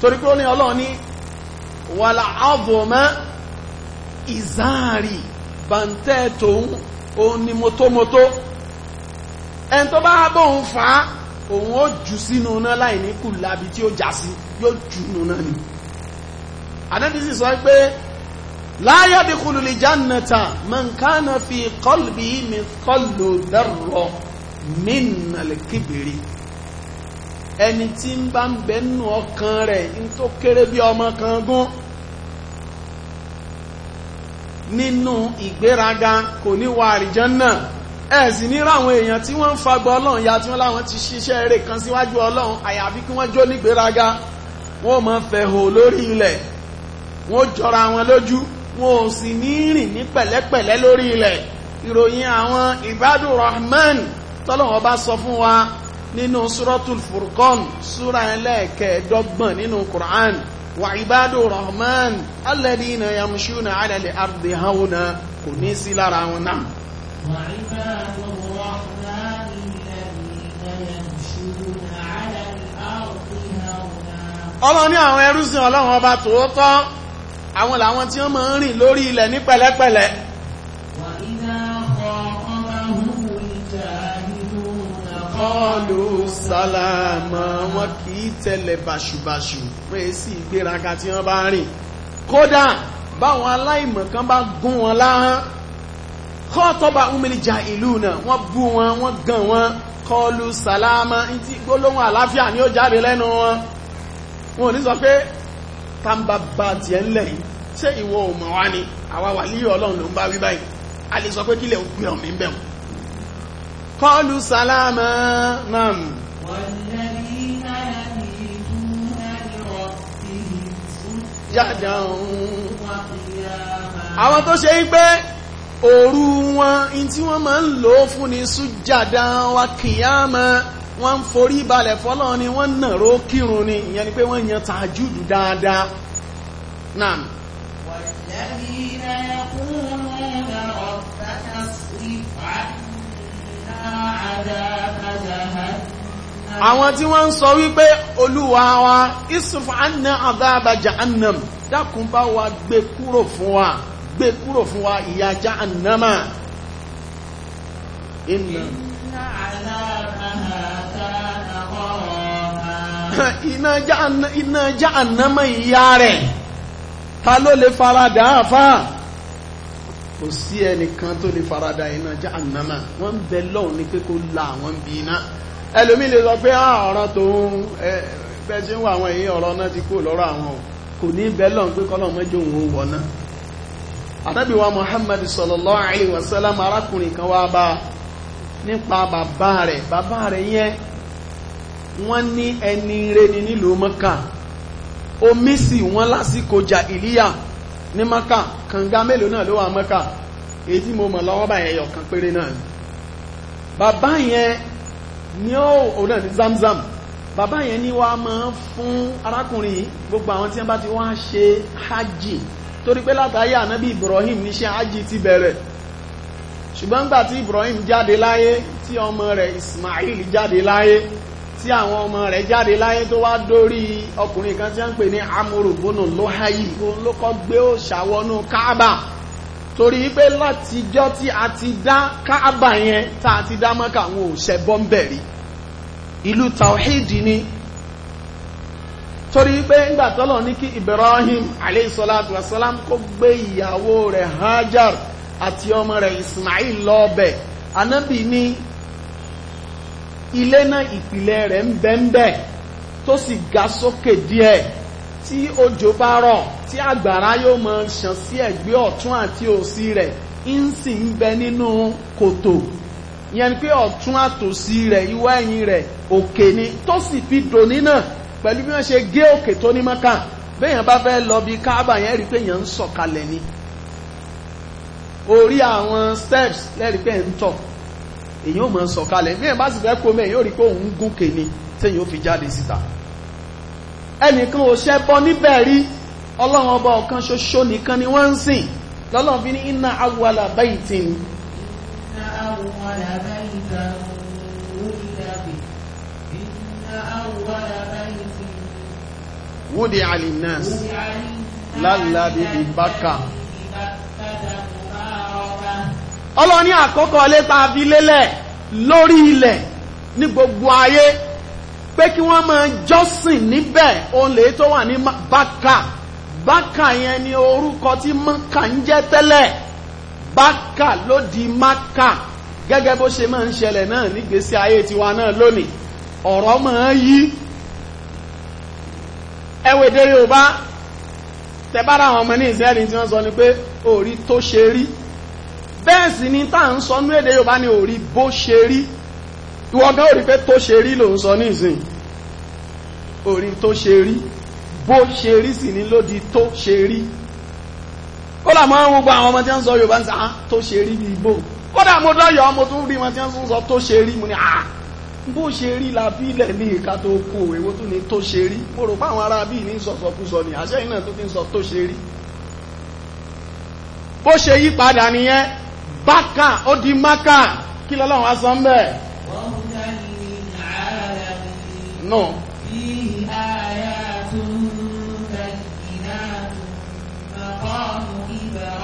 torí pé ó ní ọlọ́run ní wàlà àbòmọ́ ìzáàrì bàǹtẹ́ tòun òun ni mọ́tómọ́tó ẹni tó bá bóun fà á òun ó jù sínú náà láì ní kù lábi tí ó já sí yóò jù nù náà ni ànábìsì sọ pé láyà bí kúlù lè jánàtà mọ̀nkánà fi kọlùbí mi kọlù dárọ̀ mínàlẹ́kìbìrì ẹni tí ń bá ń bẹ́nu ọkàn rẹ̀ ń tó kéré bí ọmọ kan gún nínú ìgbéraga kò ní wà àrìjánà ẹ sì ní ráwọn èèyàn tí wọ́n ń fagbọ́ ọlọ́run ya tí wọ́n láwọn ti ṣiṣẹ́ eré kan síwájú ọlọ́run àyàfi kí wọ́n jó nígbéraga wọ́n mọ̀ fẹ̀hò lórí ilẹ̀ wọ́n jọra wọn lójú wọn ò sì ní rìn ní pẹ̀lẹ́pẹ̀lẹ́ lórí ilẹ̀ ìròyìn àwọn ìbádùn rahman tọ́lọ́wọ́ bá sọ fún wa nínú suratul furqan súra ẹlẹ́ẹ̀kẹ́ẹ̀dọ́gbọ̀n nínú quran wà ìbádùn rahman alladina yamshuna ala al-ardi hauna kò ní sí lára wọn náà ọlọ́ni àwọn ẹrúsìn ọlọ́run ọba tòótọ́ àwọn làwọn tí wọ́n máa ń rìn lórí ilẹ̀ ní pẹ̀lẹ́pẹ̀lẹ́ kọlu sálámà wọn kì í tẹ̀lẹ̀ bàṣùbàṣù pé sí ìgbéraga tí wọ́n bá ń rìn kódà báwọn aláìmọ̀ kan bá gún wọn láhán kọ́tọ́ba umilija ìlú náà wọ́n bú wọn wọ́n gàn wọn kọlu sálámà ní tí gbólóhùn àlàáfíà ni ó jáde lẹ́nu wọn wọn ò ní sọ pé tàǹbà bá ti ẹ̀ ńlẹ̀ yìí ṣé ìwọ ò wá ni àwa wà líyọ̀ ọlọ́run ló ń bá wí báyìí a lè sọ pé kílẹ̀ ó gbé ọ̀mí ń bẹ̀rù kọlu sálámà náà yàdáhùn àwọn tó ṣe pé òru wọn tí wọ́n máa ń lò fún ni sújàdá wa kìyàmá wọ́n ń forí balẹ̀ fọ́lọ́run ni wọ́n nàró kírun ni ìyẹn ni pé wọ́n yan tàjúdù dáadáa náà àwọn tí wọ́n ń sọ wípé olúwa wa anna adaba jahannam dákun bá wa gbé kúrò fún wa gbé kúrò fún wa ìyà jahannama inna. inna iná já ànámọ̀ ìyá rẹ̀ ta ló lè farada àfá kò sí ẹnìkan tó lè farada iná já ànámọ̀ wọ́n ń bẹ lọ́hùn ní pé kó la àwọn bí iná ẹlòmí lè sọ pé ah, ọ̀rọ̀ tó ń bẹ́ sí wà àwọn èyí ọ̀rọ̀ náà ti kó lọ́rọ̀ àwọn kò ní bẹ lọ́hùn pé kọ́lọ̀ mẹ́jọ òun wọ̀ náà ànábì wa Muhammad sallallahu alaihi wasallam arákùnrin kan wá bá nípa bàbá rẹ̀ bàbá rẹ̀ yẹn wọ́n ní ẹni reni nílùú mọ́kà omi sì wọ́n lásìkò jà ìlíyà ní mọ́kà kànga mélòó náà ló wà mọ́kà èyí tí mo mọ̀ lọ́wọ́ báyẹn yọ̀ kan péré náà bàbá yẹn ní ọ̀nà ní zamzam bàbá yẹn ní wá máa fún arákùnrin gbogbo àwọn tí wọ́n bá ti wá ṣe hajj torí pé látàáyé ànábì Ibrahim níṣẹ́ hajj ti bẹ̀rẹ̀ ṣùgbọ́n gbà tí Ibrahim jáde láyé tí ọmọ rẹ̀ Ismail jáde láyé tí àwọn ọmọ rẹ̀ jáde láyé tó wá dórí ọkùnrin kan tí a ń pè ní amúrùbónà lóháyì òun ló kọ́ gbé ó ṣàwọnú káàbà torí pé látijọ́ tí a ti dá káàbà yẹn tá a ti dá mọ́kà àwọn òṣẹ́ bọ́m̀bẹ̀rì ìlú tàwíìdì ni torí pé ńgbà tọ́lọ̀ ní kí Ibrahim aleyhisalatu wasalam kó gbé ìyàwó rẹ̀ Hajar àti ọmọ rẹ̀ Ismail lọ́ọ̀bẹ̀ anábì ní ilé náà ìpìlẹ̀ rẹ̀ ń bẹ́ńbẹ́ tó sì ga sókè díẹ̀ tí òjò bá rọ̀ tí àgbàrá yóò máa ṣàn sí ẹ̀gbẹ́ ọ̀tún àti òsì rẹ̀ ń sì ń bẹ nínú kòtò ìyẹn ni pé ọ̀tún àtòsí rẹ̀ iwá ẹ̀yìn rẹ̀ òkè ni tó sì fi dòní náà pẹ̀lú bí wọ́n ṣe gé òkè tó ní mọ́kà béèyàn bá fẹ́ lọ bí káàbà yẹn rí pé èèyàn ń sọ̀kalẹ̀ ni orí àwọn steps lẹ́rìí pé ń tọ̀ èyí ò mọ̀ sọ̀kalẹ̀ ní ẹ̀bá sì fẹ́ kó mẹ́ yóò rí pé òun kè ni tí yóò fi jáde síta ẹnìkan ò ṣẹ́ bọ́ níbẹ̀ rí ọlọ́run ọba ọ̀kan ṣoṣo nìkan ni wọ́n ń sìn lọ́lọ́run fi ní inna awwala baytin wúdi lálàbí ọlọ́ni àkọ́kọ́ ilé tá a fi lélẹ̀ lórí ilẹ̀ ní gbogbo ayé pé kí wọ́n máa jọ́sìn níbẹ̀ òun lè tó wà ní bákà bákà yẹn ni orúkọ tí mọ́kà ń jẹ́ tẹ́lẹ̀ bákà ló di mákà gẹ́gẹ́ bó ṣe máa ń ṣẹlẹ̀ náà nígbésí ayé tiwa náà lónìí ọ̀rọ̀ máa yí ẹwẹ́dẹ́rẹ́ ò bá tẹ bá àwọn ọmọ ní ìsẹ́rin tí wọ́n sọ ni pé òrí tó ṣe rí bẹ́ẹ̀ sì ni tá à ń sọ ní èdè Yorùbá ni ò rí bó ṣe rí ìwọ gan ò rí pé tó ṣe rí ló ń sọ ní ìsìn ò tó ṣe rí bó ṣe rí sì ni ló di tó ṣe rí kódà mo ń gbogbo àwọn ọmọ tí wọ́n sọ Yorùbá ń sọ ah tó ṣe rí bí ibo kódà mo dọ́yọ̀ ọmọ tó ń rí wọn tí wọ́n sọ tó ṣe rí mo ní ah bó ṣe rí la bí ilẹ̀ ní ìka tó kó èwo tó ní tó ṣe rí mo rò pé àwọn ará bíi ní sọ̀sọ̀kúsọ ni àṣẹ ìnáà tó fi ń sọ tó ṣe rí bó ṣe yí padà nìyẹn bákà ó di mákà kí lọ́lọ́run aṣọ ń bẹ̀.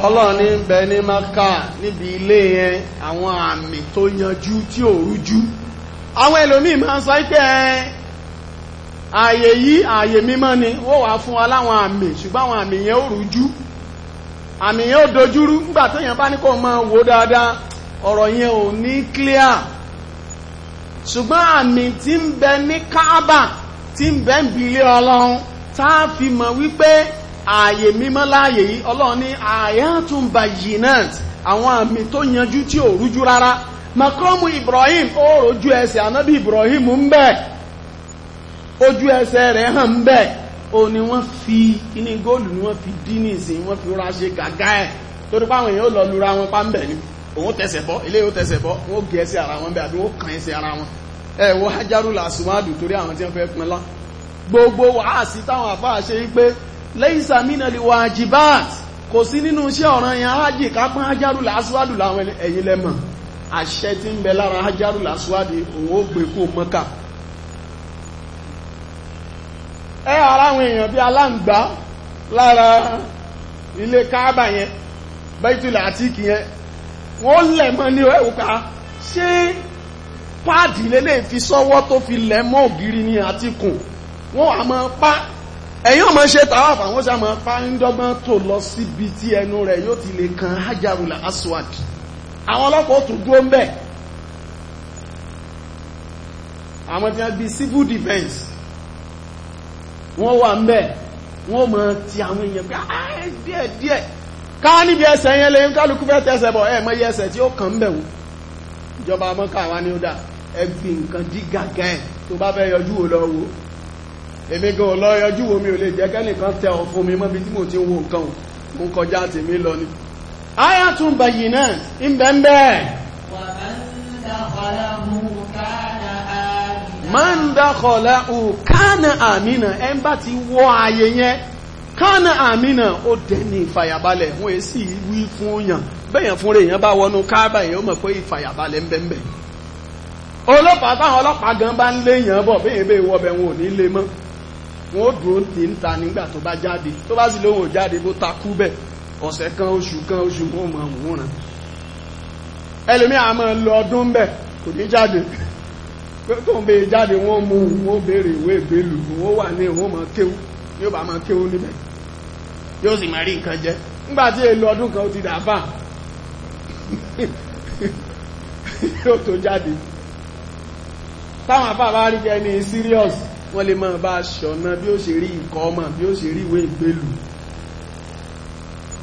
ọlọ́run ní bẹ ní mákà níbi ilé yẹn àwọn àmì tó yanjú tí ò rújú àwọn ẹlòmíì máa ń sọ pé ààyè yìí ààyè mímọ́ ni wọ́n wàá fún àmì ṣùgbọ́n àwọn àmì yẹn rújú. àmì yẹn ó dojúrú nígbà tó yẹn bá ní kó máa wò dáadáa ọ̀rọ̀ yẹn ò ní clear ṣùgbọ́n àmì tí ń bẹ ní káábà tí ń bẹ ń bi ilé ọlọ́run tá a fi mọ̀ wípé ààyè mímọ́ láàyè yìí ọlọ́run ní ayatun bayinat àwọn àmì tó yanjú tí ò rújú rárá makromu Ibrahim ó rojú ẹsẹ̀ anábì Ibrahim ń bẹ ojú ẹsẹ̀ rẹ̀ hàn ń bẹ o ni wọ́n fi kíní góòlù ni wọ́n fi dí ní ìsìn wọ́n fi ra ṣe gàgá ẹ̀ torí pé àwọn èèyàn ó lọ lura wọn pa ń bẹ̀ ni òun tẹsẹ̀ bọ́ ilé yóò tẹsẹ̀ bọ́ wọ́n gẹ̀ ẹ́ sí ara wọn bẹ́ẹ̀ àbí wọ́n kàn ẹ́ sí ara wọn ẹ̀ wọ́n hajaru làṣùmáàdù torí àwọn tí wọ́n fẹ́ pin lọ gbogbo wàásì táwọn àfáà ṣe wípé lẹ́yìnsà mínàlì wàjibat kò sí nínú iṣẹ́ ọ̀ràn yẹn ájì kápán hajaru làṣùmáàdù làwọn ẹ̀yìn lẹ́mọ̀ àṣẹ tí ń bẹ lára hajaru làṣùmáàdù òun ó gbé kó mọ́kà ẹ ara àwọn èèyàn bí aláǹgbá lára ilé káàbà yẹn bẹ́tùlẹ̀ àtíkì yẹn wọ́n lẹ̀ mọ́ ní ẹ̀wùká ah, ṣé páàdì lélẹ̀ fi sọ́wọ́ tó fi lẹ̀ mọ́ ògiri ní àtíkùn wọ́n a mọ́ pa ẹ̀yìn ọmọ ṣe tàwà fàwọn ṣe mọ́ pa ń dọ́gbọ́n tó lọ síbi tí ẹnu rẹ̀ yóò ti lè kan hajarula aswad àwọn ọlọ́pàá tún dúró ń bẹ̀ àwọn tí bí civil defense wọ́n wà ń bẹ̀ wọ́n mọ̀ ti àwọn èèyàn pé ah, díẹ̀ díẹ̀ ká níbi ẹsẹ̀ yẹn lè ń kálukú fẹ́ tẹ́sẹ̀ bọ̀ ẹ̀ mọ́yí ẹsẹ̀ tí ó kàn ń bẹ̀wò ìjọba mọ́ká wa ní ó dà ẹgbì nǹkan dí gàgá ẹ̀ tó bá fẹ́ yọjú wò lọ́wọ́ èmi gan ò lọ yọjú wò mi ò lè jẹ́ kẹ́nìkan tẹ ọ fún mi mọ́bi tí mo ti ń wo nǹkan ń kọjá tèmi lọ ni. àyà tún náà ń bẹ́ẹ̀ bẹ́ẹ̀. wà á ń dàgbà láwọn káà máa ń dákọ̀ọ́lá ò kánà àmìnà ẹn bá ti wọ́ ayé yẹn kánà àmìnà ó dẹni ìfàyàbalẹ̀ wọ́n è sì wí fún òyàn bẹ́yàn fúnra èèyàn bá wọnú káàbà èèyàn mọ̀ pé ìfàyàbalẹ̀ ń bẹ́ẹ̀ ọlọ́pàá táwọn ọlọ́pàá gan bá ń léèyàn bọ̀ bẹ́yàn bẹ́ẹ̀ wọ́ bẹ́ wọn ò ní lé mọ́ wọn ó dúró ní ń ta nígbà tó bá jáde tó bá sì lóhùn jáde bó takú bẹ́ẹ̀ ọ̀sẹ̀ kan oṣù kan oṣù kan mọ̀ wọ́n ràn ẹlòmíà máa lọ ọdún bẹ́ẹ̀ kò ní jáde tó ń bèèrè jáde wọ́n mú wọ́n bèèrè ìwé ìgbèlú wọ́n wà ní wọ́n máa kéwú yóò bá máa kéwú níbẹ̀ yóò sì máa rí nǹkan jẹ nígbà tí èlò ọdún kan ó ti dà bá yóò tó jáde táwọn afá bá rí jẹ́ ní serious wọ́n lè máa bá ṣọ̀nà bí ó ṣe rí nǹkan ọmọ bí ó ṣe rí ìwé ìgbèlú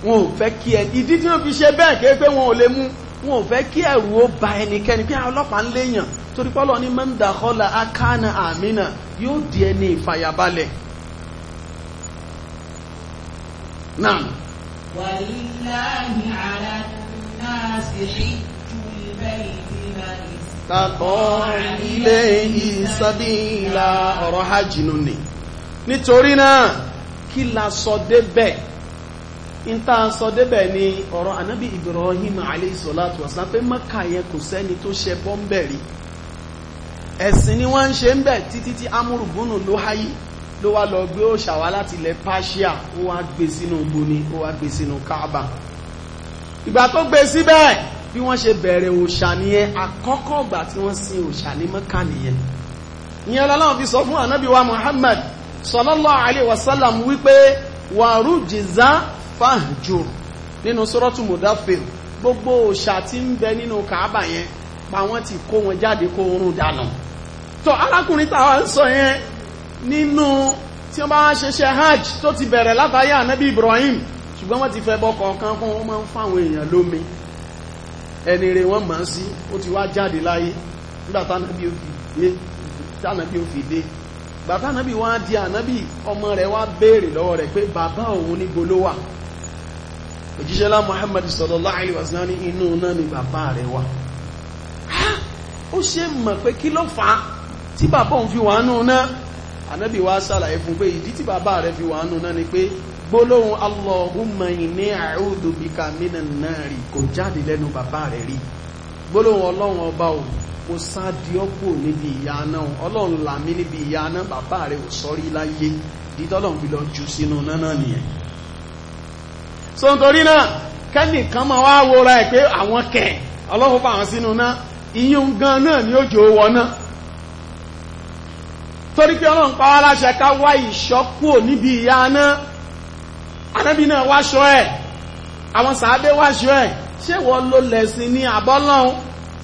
wọn ò fẹ́ kí ẹ ìdí tí wọ́n fi ṣe bẹ́ẹ̀ kéé pé wọn ò lè mú wọn ò fẹ́ kí ẹ̀rù ó ba ẹnikẹ́ni pé ọlọ́pàá ń léèyàn torí pọ́lọ́ ní mọ́ndàkọ́lá akána àmínà yóò di ẹni ìfàyàbalẹ̀ tàtọ́ ilé ìsọdíìlà ọ̀rọ̀ hajj nù ni nítorí náà kí la sọ débẹ̀ in ta sọ débẹ̀ ni ọ̀rọ̀ anábì Ibrahim aleyhisolatu wasalam pé mọ́kà yẹn kò sẹ́ni tó ṣe bọ́m̀bẹ̀rì ẹ̀sìn ni wọ́n ń ṣe ń bẹ̀ títí tí amúrùbúnù ló háyí ló wá lọ gbé òòṣà wá láti ilẹ̀ Páṣíà ó wá gbé sínú gbóni ó wá gbé sínú Káàbà ìgbà tó gbé síbẹ̀ bí wọ́n ṣe bẹ̀rẹ̀ òòṣà nìyẹn àkọ́kọ́ ìgbà tí wọ́n sin òòṣà ní mọ́kà nìyẹn ìyẹn lọ́lọ́run fi sọ fún anábì wa Muhammad sallallahu alaihi wasallam wípé wàrú jìzá fahjur nínú sọ́rọ́tù mọ̀dáfẹ́l gbogbo òṣà tí ń bẹ nínú kàábà yẹn pa wọ́n ti kó wọn jáde kó oorun dànù tó arákùnrin táwa ń sọ yẹn nínú tí wọ́n bá wá ṣeṣẹ́ hajj tó ti bẹ̀rẹ̀ látàyà ànábì Ibrahim ṣùgbọ́n wọ́n ti fẹ́ bọ́ kọ̀ọ̀kan kún wọ́n máa ń fáwọn èèyàn lómi ẹni rẹ̀ wọ́n máa ń sí ó ti wá jáde láyé nígbà tánàbí ó fi dé bàtánàbí wá di ànábì ọmọ rẹ̀ wá béèrè lọ́wọ́ rẹ̀ pé bàbá òun níbo ló òjíṣẹ́lá Muhammad sallallahu alaihi wasallam ní inú náà ni bàbá rẹ̀ wà ó ṣe mọ̀ pé kí ló fà á tí bàbá òun fi wà nù náà anábì wá sàlàyé fún pé ìdí tí bàbá rẹ̀ fi wà nù náà ni pé gbólóhùn Allahumma inni a'udhu bika minan nari kò jáde lẹ́nu bàbá rẹ̀ rí gbólóhùn ọlọ́run ọba ò kò sáàdì ọ́pò níbi ìyá náà ọlọ́run làmí níbi ìyá náà bàbá rẹ̀ ò sọ́rí láyé dídọ́lọ́run fi lọ so nítorí náà kẹ́nìkan máa wá wọra ẹ̀ pé àwọn kẹ̀ ọlọ́run fà sínú náà ìyún gan náà ni ó jò wọ náà torí pé ọlọ́run pa wá láṣẹ ká wá ìṣọ́ kúrò níbi ìyá náà anábì náà wáṣọ ẹ̀ àwọn sàábé wáṣọ ẹ̀ ṣé wọ́n ló lẹ̀sìn ní àbọ́lọ́run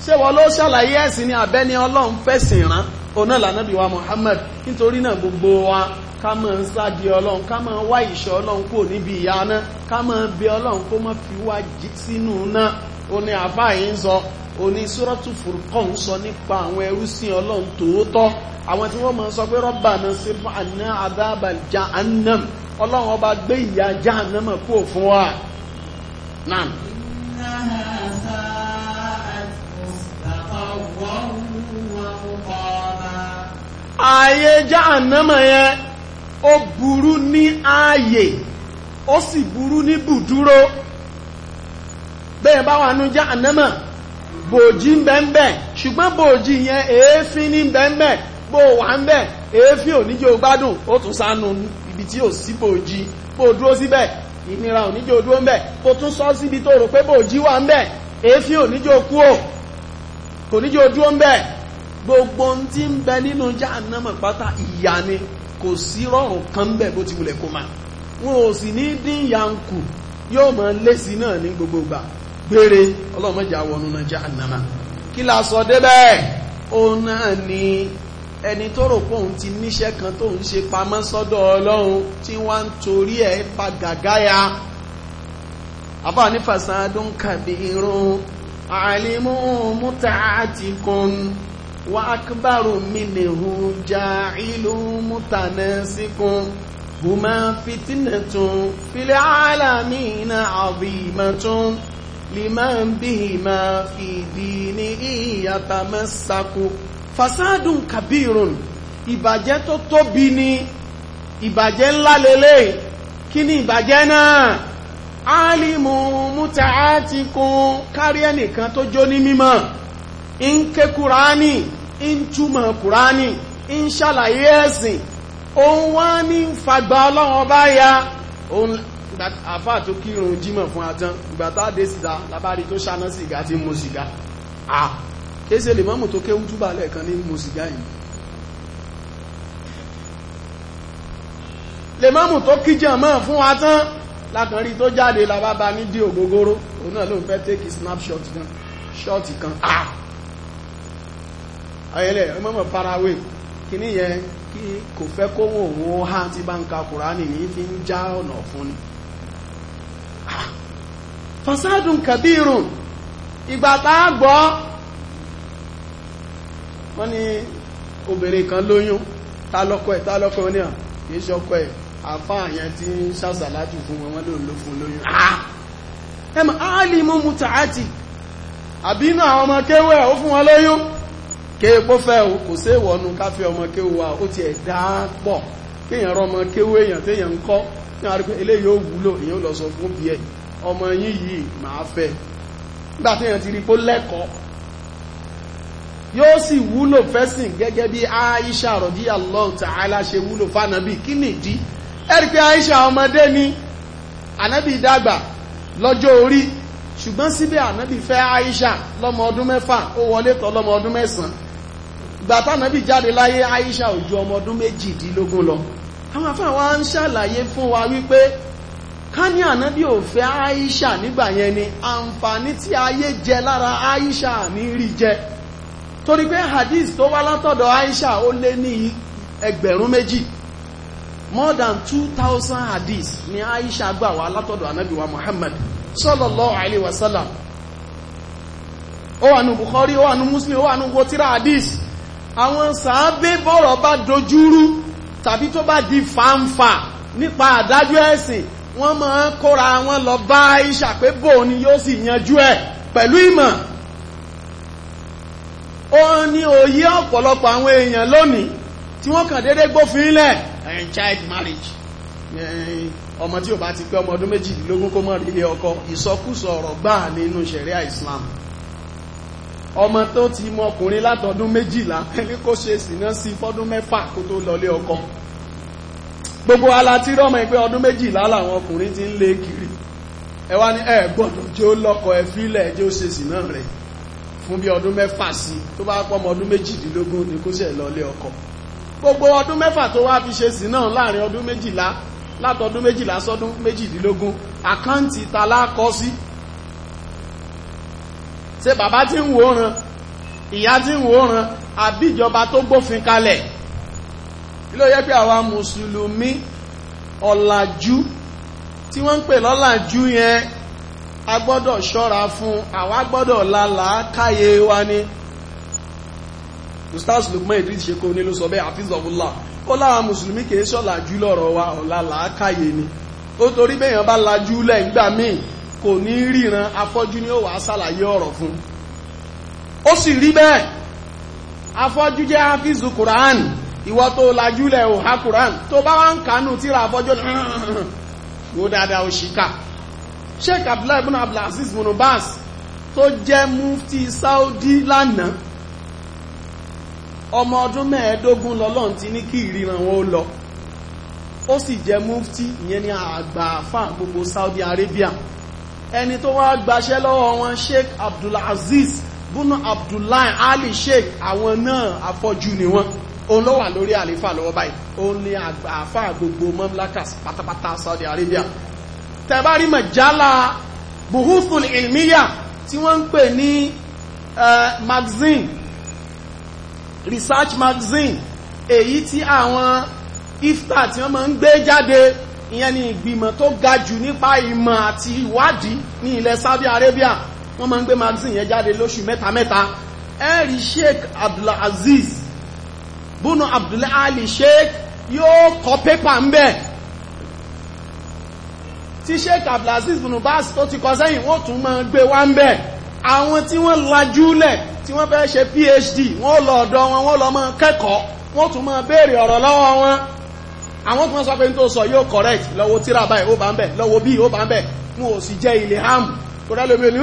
ṣé wọ́n ló ṣàlàyé ẹ̀sìn ní abẹ́ni ọlọ́run fẹ̀sìn rán òun náà lànàbì wa Muhammad nítorí náà gbogbo wa ká mọ́ ń sáàdì ọlọ́run ká mọ́ wá bi ọlọrun kò níbi ìyáná ká mọ́ bí ọlọ́run kó mọ́ fi wá jí sínú náà ó ní àbá yìí ń sọ ó ní sórọ́tù furqan ń sọ nípa àwọn ẹrúsìn ọlọ́run tòótọ́ àwọn tí wọ́n mọ́ sọ pé rabbana sirf 'anna 'adhaba jahannam ọlọ́run ọba gbé ìyà jahannam kú òfin wa náà ààyè jahannam yẹn ó burú ní ààyè ó sì burú ní bùdúró bẹ́ẹ̀ bá wà ní jahannama bòjì ń bẹ́ẹ̀ ṣùgbọ́n bòjì yẹn èéfín ní bẹ́ẹ̀ bó wà ń bẹ́ẹ̀ èéfín oníjó gbádùn ó tún sánú ibi tí ò sí bòjì bó dúró síbẹ̀ ìnira oníjó dúró ń bẹ̀ kó tún sọ síbi tó rò pé wà ń bẹ̀ èéfín oníjó kú ò kò níjó dúró ń bẹ̀ gbogbo ohun tí ń bẹ nínú pátá kò sí rọrùn kan bẹ̀ bó ti wulẹ̀ kó máa wọn ò sì ní dín yankù yóò mọ̀ lẹ́sí náà ní gbogbo ìgbà gbére ọlọ́mọjà wọnú náà jahannama kí la sọ débẹ̀ òun náà ni ẹni tó rò pé òun ti níṣẹ́ kan tó ń ṣe pamọ́ sọ́dọ̀ ọlọ́run tí wọ́n ń torí ẹ̀ fa gàgáyà àbá ní fasadun kabirun alimu mutatikun wa akbaru minhu ja'ilu mutanasikun huma fitnatun fil alamina azimatun liman bihima fi dinihi yatamassaku fasadun kabirun ìbàjẹ́ tó tóbi ni ìbàjẹ́ ńlá lélẹ̀ kí ni ìbàjẹ́ náà alimu mutaati kun kárí ẹnìkan tó jó ní mímọ̀ ń ń túmọ̀ kùránì ń ṣàlàyé ẹ̀sìn òun wá ní fagbá ọlọ́run bá ya òun àfà tó kírun jímọ̀ fún atán ìgbà tá dé síta lábárí tó ṣáná sìgá tí mu sìgá à kése lè mọ́mù tó kéwú túbà lẹ́ẹ̀kan ní mu sìgá yìí lè mọ́mù tó kíjàn mọ́ fún atán lákànrí tó jáde làbábá ní dí ògógóró òun náà ló fẹ́ take snapshot kan ṣọ́ọ̀tì kan ah ọ̀yẹ́lẹ̀ ọmọ mọ̀ farawé kìíní yẹn kí kò fẹ́ kówó òun ha ti bá ń ka kùránì ní fi ń já ọ̀nà fún ni ah, fasadun gbọ́ wọ́n ni obìnrin kan lóyún ta ẹ̀ ní à kìí ẹ̀ ń fún wọn ló fún lóyún ah, áàlì mú mú tààtì àbínú kéèkó fẹ́ o kò sí ìwọ̀nù káfí ọmọ kéwò wa ó ti ẹ̀dá pọ̀ kéèyàn rọ ọmọ kéwò tí èyàn ń kọ́ ní àríkò eléyìí wúlò èyàn lọ sọ fún bí ẹ ọmọ yín yìí máa fẹ́ nígbà ti rí kó yóò sì wúlò fẹ́sìn gẹ́gẹ́ bí Aisha ta'ala ṣe wúlò fánàbí kí pé Aisha ọmọdé ni anabi dàgbà lọ́jọ́ orí ṣùgbọ́n síbẹ̀ anabi fẹ́ Aisha lọ́mọ ọdún mẹ́fà ó wọlé tọ́ lọ́mọ ìgbà tánàbí jáde láyé Aisha ò ju ọmọ ọdún méjìdínlógún lọ àwọn afẹ́ wa ń ṣàlàyé fún wa wípé kání ànábí ò fẹ́ Aisha nígbà yẹn ni àǹfààní tí ayé jẹ lára Aisha ní rí jẹ torí pé hadith tó wá látọ̀dọ̀ Aisha ó lé ní ẹgbẹ̀rún méjì more than two thousand hadith ni aisha gbà wá látọ̀dọ̀ anabi wa muhammad sallallahu alayhi wa sallam ó wà nù bukhari ó wà nù muslim ó wà nù wotira hadith àwọn sàábé bọ́rọ̀ bá dojúrú tàbí tó bá di fàǹfà nípa àdájọ́ ẹ̀sìn wọ́n máa ń kóra wọn lọ bá Aisha pé ni yóò sì yanjú ẹ̀ pẹ̀lú ìmọ̀ ó ní òye ọ̀pọ̀lọpọ̀ àwọn èèyàn lónìí tí wọ́n kàn déédéé gbófin child marriage ọmọ tí ò bá ti pé ọmọ ọdún méjìdínlógún kó mọ̀ rí ilé ọkọ ìsọkúsọ ọ̀rọ̀ gbáà nínú ṣẹ̀ríà Islam ọmọ tó ti mọ ọkùnrin látọdún méjìlá ẹni kó ṣe sìná sí fọ́dún mẹ́fà kó tó lọlé ọkọ gbogbo ala tí rọmọ ìpé ọdún méjìlá làwọn ọkùnrin ti ń lé kiri ẹ wá ní ẹ gbọ́dọ̀ jẹ́ ó lọ́kọ ẹ fílẹ̀ jẹ́ ó ṣe sìná rẹ̀ fún bí ọdún mẹ́fà sí tó bá pọ́ ọmọ ọdún méjìdínlógún ni kó ṣe lọlé ọkọ gbogbo ọdún mẹ́fà tó wá fi ṣe sìná láàrin ọdún méjìlá látọdún méjìlá sọdún méjìdínlógún àkáǹtì ta lákọ sí ṣé bàbá tí ń wò ran ìyá tí ń wò ran àbíjọba tó gbófin kalẹ̀ ló yẹ pé àwa mùsùlùmí ọ̀làjú tí wọ́n ń pè lọ́làjú yẹn a gbọ́dọ̀ ṣọ́ra fún àwa gbọ́dọ̀ lálàá káyé wa ni ustaz lukman idris ṣe kó ní ló sọ bẹ́ẹ̀ àfizọ̀bùlà ó láwa mùsùlùmí kìí ṣọ́làjú lọ́rọ̀ wa ọ̀làlàá ni ó torí bẹ́yàn bá lajú lẹ́yìn gbà míì kò ní ríran afọ́jú ni ó wà sàlàyé ọ̀rọ̀ fún ó sì rí bẹ́ẹ̀ afọ́jú jẹ́ hafizu quran ìwọ tó lajúlẹ̀ ò ha quran tó bá wá ń kánú tíra afọ́jú ó dáadáa ó ṣìkà sheikh abdullahi ibn abdulaziz munubas tó jẹ́ mufti saudi lánàá ọmọ ọdún mẹ́ẹ̀ẹ́dógún lọ́lọ́run ti ní kí ìríran wọn ó lọ ó sì jẹ́ mufti ìyẹn ni àgbà àfáà gbogbo saudi arabia ẹni tó wá gbaṣẹ́ lọ́wọ́ wọn sheikh abdulaziz bùnú abdullahi ali sheikh àwọn náà afọ́jú ni wọ́n òun ló wà lórí àlífà lọ́wọ́ báyìí òun ni àfà gbogbo mamlakas pátápátá saudi arabia tẹ̀bárí mọ̀jálà buhuthul ilmiya tí wọ́n ń pè ní magazine research magazine èyí tí àwọn ifta tí wọ́n máa ń gbé jáde ìyẹn ni ìgbìmọ̀ tó ga jù nípa ìmọ̀ àti ìwádìí ní ilẹ̀ Saudi Arabia wọ́n máa ń gbé magazine yẹn jáde lóṣù mẹ́ta mẹ́ta ẹ̀rí Sheikh Abdulaziz bunu Abdulali Sheikh yóò kọ pépà ń bẹ̀ tí Sheikh Abdulaziz bunu Bas tó ti kọ sẹ́yìn wọ́n tún máa gbé wá ń bẹ̀ àwọn tí wọ́n lajúlẹ̀ tí wọ́n fẹ́ ṣe PhD wọ́n lọ ọ̀dọ̀ wọn wọ́n lọ máa kẹ́kọ̀ọ́ wọ́n tún máa béèrè ọ̀rọ̀ lọ́wọ́ wọn àwọn tó wọ́n sọ pé tó sọ yóò correct lọ́wọ́ tíra báyìí ó bá ń bẹ̀ lọ́wọ́ bí ó bá ń bẹ̀ wọn ò sì jẹ́ ilé ham kò dá lómi ní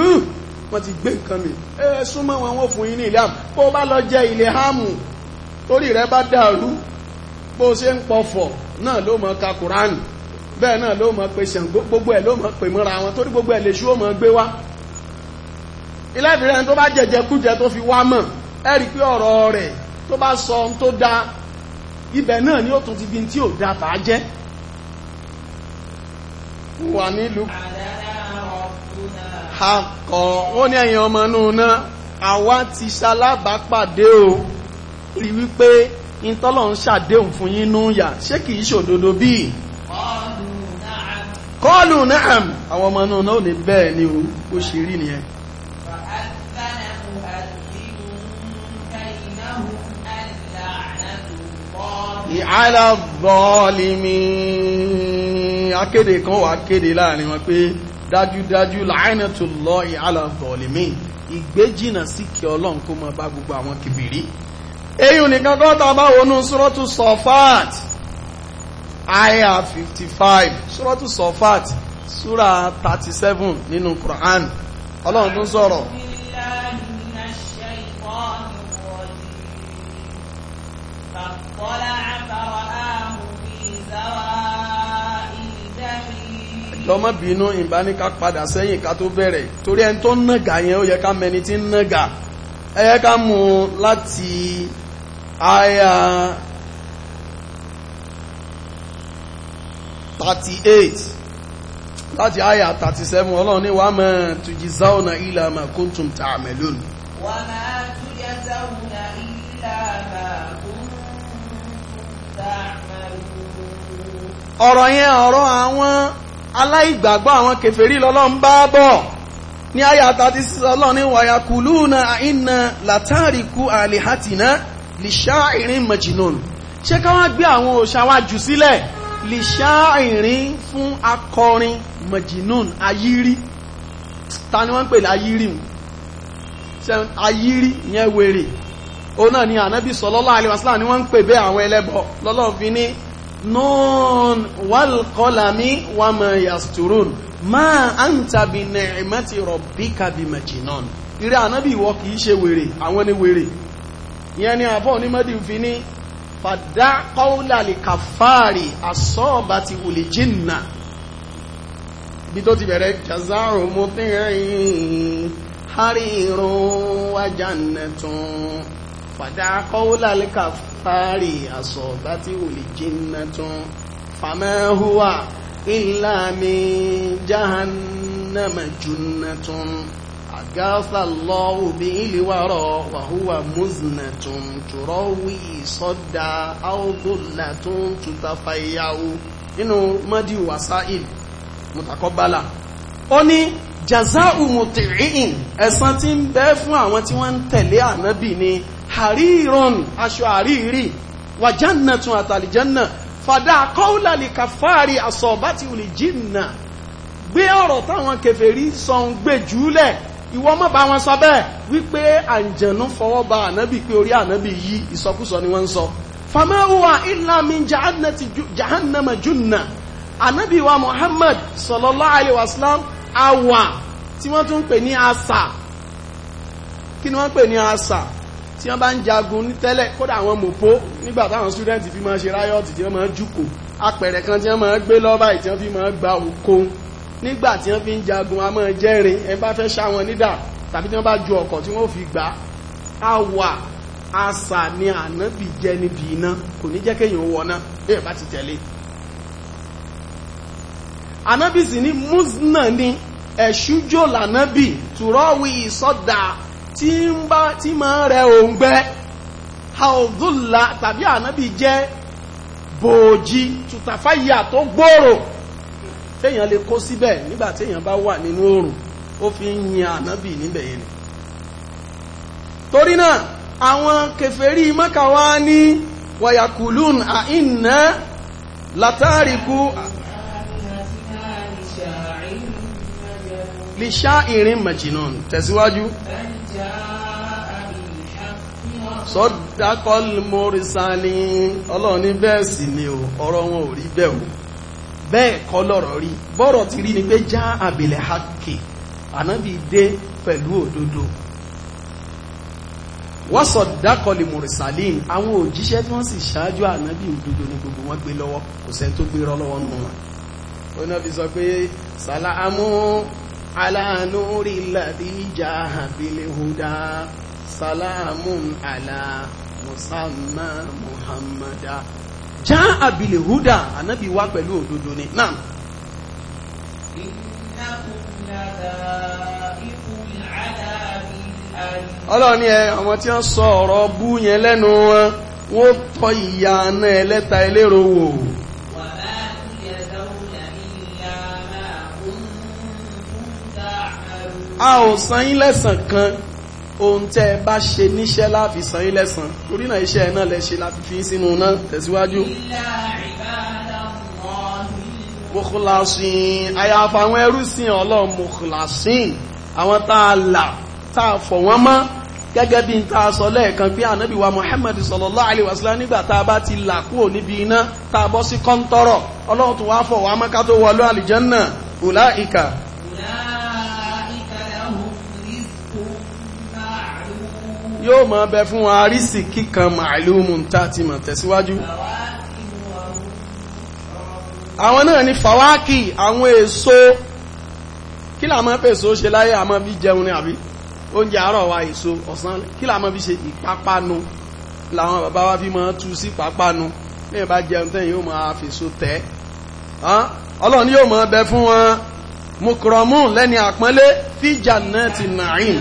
wọ́n ti gbé nǹkan mi ẹ súnmọ́ wọn wọ́n fún yín ní ilé ham bó bá lọ jẹ́ ilé ham torí rẹ bá dàrú bó ṣe ń pọ̀fọ̀ náà ló mọ̀ ka Kùránì bẹ́ẹ̀ náà ló mọ̀ pé Ṣàngó gbogbo ẹ̀ ló mọ̀ pè mọ́ra wọn torí gbogbo ẹ̀ lè ṣú ó mọ̀ gbé wá ilé ìfìrẹ́ni tó bá jẹ̀jẹ̀ kújẹ tó fi wá mọ̀ ẹ pé ọ̀rọ̀ rẹ̀ tó bá sọ ohun tó dáa ibẹ̀ náà ni ó tún ti bí tí ò dá tàá jẹ́ wà nílùú akọ̀ wọ́n ní ẹ̀yìn ọmọ inú náà àwa ti ṣalábàápàdé o rí wípé ìtọ́lọ̀ ń ṣàdéhùn fún yín nú yà ṣé kìí ṣòdodo bíi kọlù náà àwọn ọmọ náà ò ní bẹ́ẹ̀ ni ó ṣe rí nìyẹn láàáhì aláàbọ̀ọ́lìmí akéde kan wà kéde láàrin wọn pé dájúdájú láàrínàtò lọ aláàbọ̀ọ́lìmí ìgbéjìnà sí kí ọlọ́run kó mọ bá gbogbo àwọn kìbìrí eyín nìkan kọ́ ta bá wọnú sọ́rọ́tù sọfáàt àyà 55 sọ́rọ́tù sọfáàt súra 37 nínú Quran ọlọ́run tó sọ̀rọ̀ lọ́mọ bínú ìbá ní ká padà sẹ́yìn ká tó bẹ̀rẹ̀ torí ẹni tó nàgà yẹn ó yẹ ká mẹni tí nàgà ẹ ká mú láti àyà 38 láti àyà 37 ọlọ́run ní wàá mọ̀ tùjì záwọ̀nà ìlàmà kóńtùm tààmẹ̀lónì wàá mọ̀ ọ̀rọ̀ yẹn ọ̀rọ̀ àwọn aláìgbàgbọ́ àwọn kèfèrí lọ́lọ́n bá bọ̀ ní àyà tàbí sísọlọ́ ní wàyàkùlù na iná látàríkú àlèhàtìná lè ṣáàìrín mẹjìnún ṣé ká wá gbé àwọn òṣà wa jù sílẹ̀ lè ṣáàìrín fún akọrin mẹjìnún ayírí ta ni wọ́n pè láyírí ayírí yẹn wèrè òun náà ni ànábì sọlọ́lá àlèwàsílà ni wọ́n ń pè bẹ́ àwọn ẹlẹ́bọ lọ́lọ́fin ní nun wal qalami wa ma yasturun ma anta bi ni'mati rabbika bi majnun ire ànábì ìwọ kìí ṣe wèrè àwọn ni wèrè ìyẹn ni àbọ̀ onímọ̀dì fi ní fàdá qawla li kàfàárì asabati wùlì jìnnà bí tó ti bẹ̀rẹ̀ jazaru muti'in harirun wa jannatun fàdá kọ́wọ́lá lẹ́ka fàárì àsọ̀ bá tí ò lè jìnnà tán fàmẹ́húwà ìlàmì jahannama jùnnà tán àgáfà lọ́wọ́ bí ìlíwárọ̀ wàhúwà múzìnà tán tùrọ́wì sọ́dà áwòdòlà tán tùtàfàyàwó nínú mọ́dí wàsáìl mùtàkọ́bálà ó ní jazá umùtìrìn ẹ̀san tí ń bẹ fún àwọn tí wọ́n ń tẹ̀lé ànábì ni harirun aṣọ àríìrí wà jannatun àtàlìjánà fàdá kọ́ùlàlì kàfàárì àsọ̀bátì òlì jìnnà gbé ọ̀rọ̀ táwọn kèfèrí sọ ń gbé jùúlẹ̀ ìwọ má bá wọn sọ bẹ́ẹ̀ wípé àǹjẹ̀nú fọwọ́ ba ànábì pé orí ànábì yí ìsọkúsọ ni wọ́n ń sọ famahuwa ilami jahannama junna ànábì wa Muhammad kí ni wọ́n pè ní asa tí wọ́n bá ń jagun ní tẹ́lẹ̀ kódà àwọn mòpó nígbà táwọn student fi máa ṣe riot tí wọ́n máa jùkò apẹ̀rẹ̀ kan tí wọ́n máa gbé lọ́bà tí wọ́n fi máa gba òkun nígbà tí wọ́n fi ń jagun a máa jẹ́rin ẹ bá fẹ́ ṣá wọn nídà tàbí tí wọ́n bá ju ọkọ̀ tí wọ́n fi gbà á wà àṣà ni ànábì jẹ níbi iná kò ní jẹ́ kéèyàn wọná bẹ́ẹ̀ bá ti tẹ̀lé ànábì sì ní musna ni ẹ̀ṣújò lànábì tùrọ́wì ìsọdà tí ń bá tí máa rẹ òǹgbẹ haudula tàbí ànábì jẹ́ bòòjì tùtàfáyà tó gbòòrò téèyàn lè kó síbẹ̀ nígbà téèyàn bá wà nínú oòrùn ó fi ń yin ànábì níbẹ̀ yẹn ni torí náà àwọn kèfèrí Mákà wá ní wayakulun àìnà látàríkú lè ṣá ìrìn màjìnà tẹ̀síwájú sọ́dákọ́lù mọ́rísálí ọlọ́run ní bẹ́ẹ̀ sì ni o ọ̀rọ̀ wọn ò rí bẹ́ẹ̀ o bẹ́ẹ̀ kọ́ lọ́rọ̀ rí bọ́rọ̀ ti rí ni pé já àbìlẹ̀ hákì ànábì dé pẹ̀lú òdodo wọ́n sọ̀dákọ́lù mọ́rísálí àwọn òjíṣẹ́ tí wọ́n sì ṣáájú ànábì òdodo ni gbogbo wọn gbé lọ́wọ́ kò sẹ́ni tó gbé rọ́ lọ́wọ́ nù wọn. ó náà fi sọ pé sàlámù على نور الذي جاه بالهدى سلام على مسمى محمد جاء بالهدى النبي wá pẹ̀lú òdodo ni نعم ọlọ́run ni ẹ àwọn tí wọ́n sọ ọ̀rọ̀ bú yẹn lẹ́nu wọn wọ́n tọ́ ìyà ẹlẹ́ta ẹlẹ́rọ wò wà a ò san yín lẹ́san kan ohun tẹ́ ẹ bá ṣe níṣẹ́ láfi san yín lẹ́san torí náà iṣẹ́ náà lẹ ṣe láti fi sínú náà tẹ̀síwájú mọ̀kùlásìn àyàfà àwọn ẹrúsìn ọlọ́run mọ̀kùlásìn àwọn tá a là tá a fọ̀ wọ́n mọ́ gẹ́gẹ́ bí n ta sọ lẹ́ẹ̀kan pé ànábì wa Muhammad sallallahu alaihi wasallam nígbà tá a bá ti là kúrò níbi iná tá a bọ́ sí kọ́ńtọ́rọ̀ ọlọ́run tó wá fọ̀ wá mọ́ ká tó wọlé àlìjánná ùlá yóò máa bẹ fún wa rísì kíkan màálùmù tá a ti mọ̀ tẹ̀síwájú àwọn náà ni fàwákì àwọn èso kí la máa fèso ṣe láyé àmọ́ bí jẹun ni àbí oúnjẹ àárọ̀ wa èso ọ̀sán kí la máa fi ṣe ìpápánu làwọn bàbá wa fi máa tú sí pápánu ní ìbá jẹun tẹ́yìn yóò máa fèso tẹ́ ọlọ́run yóò máa bẹ fún wọn mukromun lẹ́ni àpọ́nlé fíjà náà ti nàáyìn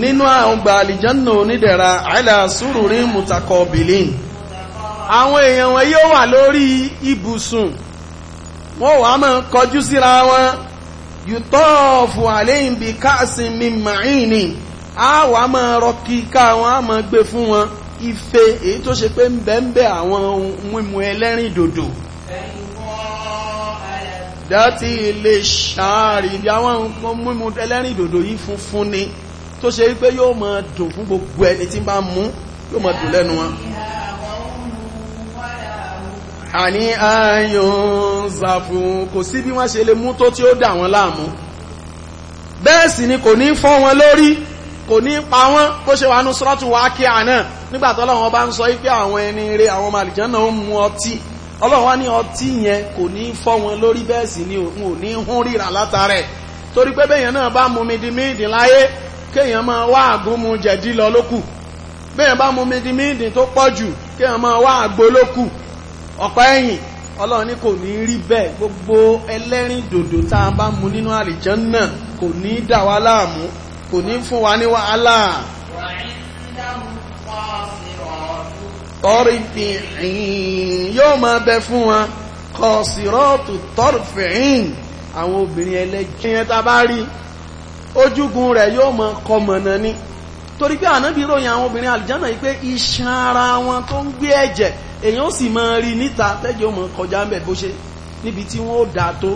nínú àwọn gba àlìjánà onídẹ̀ra aláṣúrùrín mutakọ̀bìlín àwọn èèyàn wọn yóò wà lórí ibùsùn wọ́n wà mọ́ kọjú síra wọn yùtọ́ọ̀fù àléyìn bí káàsìn mi màáìní a wà mọ́ rọ kíká wọn a mọ́ gbé fún wọn ife èyí tó ṣe pé ń bẹ ń bẹ àwọn mímu ẹlẹ́rìn dòdò dátì ilé ṣáàrì bí àwọn mímu ẹlẹ́rìn dòdò yìí funfun ni tó ṣe wípé yóò mọ dùn fún gbogbo ẹni tí bá mú yóò mọ dùn lẹ́nu wọn àní ayùn zàfún kò sí bí wọ́n ṣe lè mú tó tí ó dà wọ́n láàmú bẹ́ẹ̀ sì ni kò ní fọ́ wọn lórí kò ní pa wọ́n bó ṣe wà ní sọ́tún wá kí àná nígbà tí bá ń sọ wípé àwọn ẹni rere àwọn màlìján ń mu ọtí Ọlọ́run ní ọtí yẹn kò ní fọ́ wọn lórí bẹ́ẹ̀ sì ni òun ò ní hún ríra látàrẹ̀ torí pé bẹ́yẹn náà bá mú mi di mídìí láyé kéèyàn máa wá àgúnmu jẹ̀dí lọ lókù béèyàn bá mu midimidi tó pọ̀ jù kéèyàn máa wá àgbo lókù ọ̀pá ẹ̀yìn ọlọ́run ní kò ní rí bẹ́ẹ̀ gbogbo ẹlẹ́rìn dòdò tá a bá mu nínú àlìjànnà kò ní dà wá láàmú kò ní fún wa ní wàhálà tọ́rìfìhìn yóò máa bẹ fún wa kọ̀ọ̀sìrọ́ọ̀tù tọ́rìfìhìn àwọn obìnrin ẹlẹ́jẹ̀ yẹn tá a bá rí i ojúgun rẹ̀ yóò mọ kọmọ̀nà ni torí pé ànábì ròyìn àwọn obìnrin àlìjánà yìí pé iṣan ara wọn tó ń gbé ẹ̀jẹ̀ èyàn ó sì máa rí níta tẹ́jọ́ mọ̀ kọjá ń bẹ̀ bó ṣe níbi tí wọ́n ó dà tó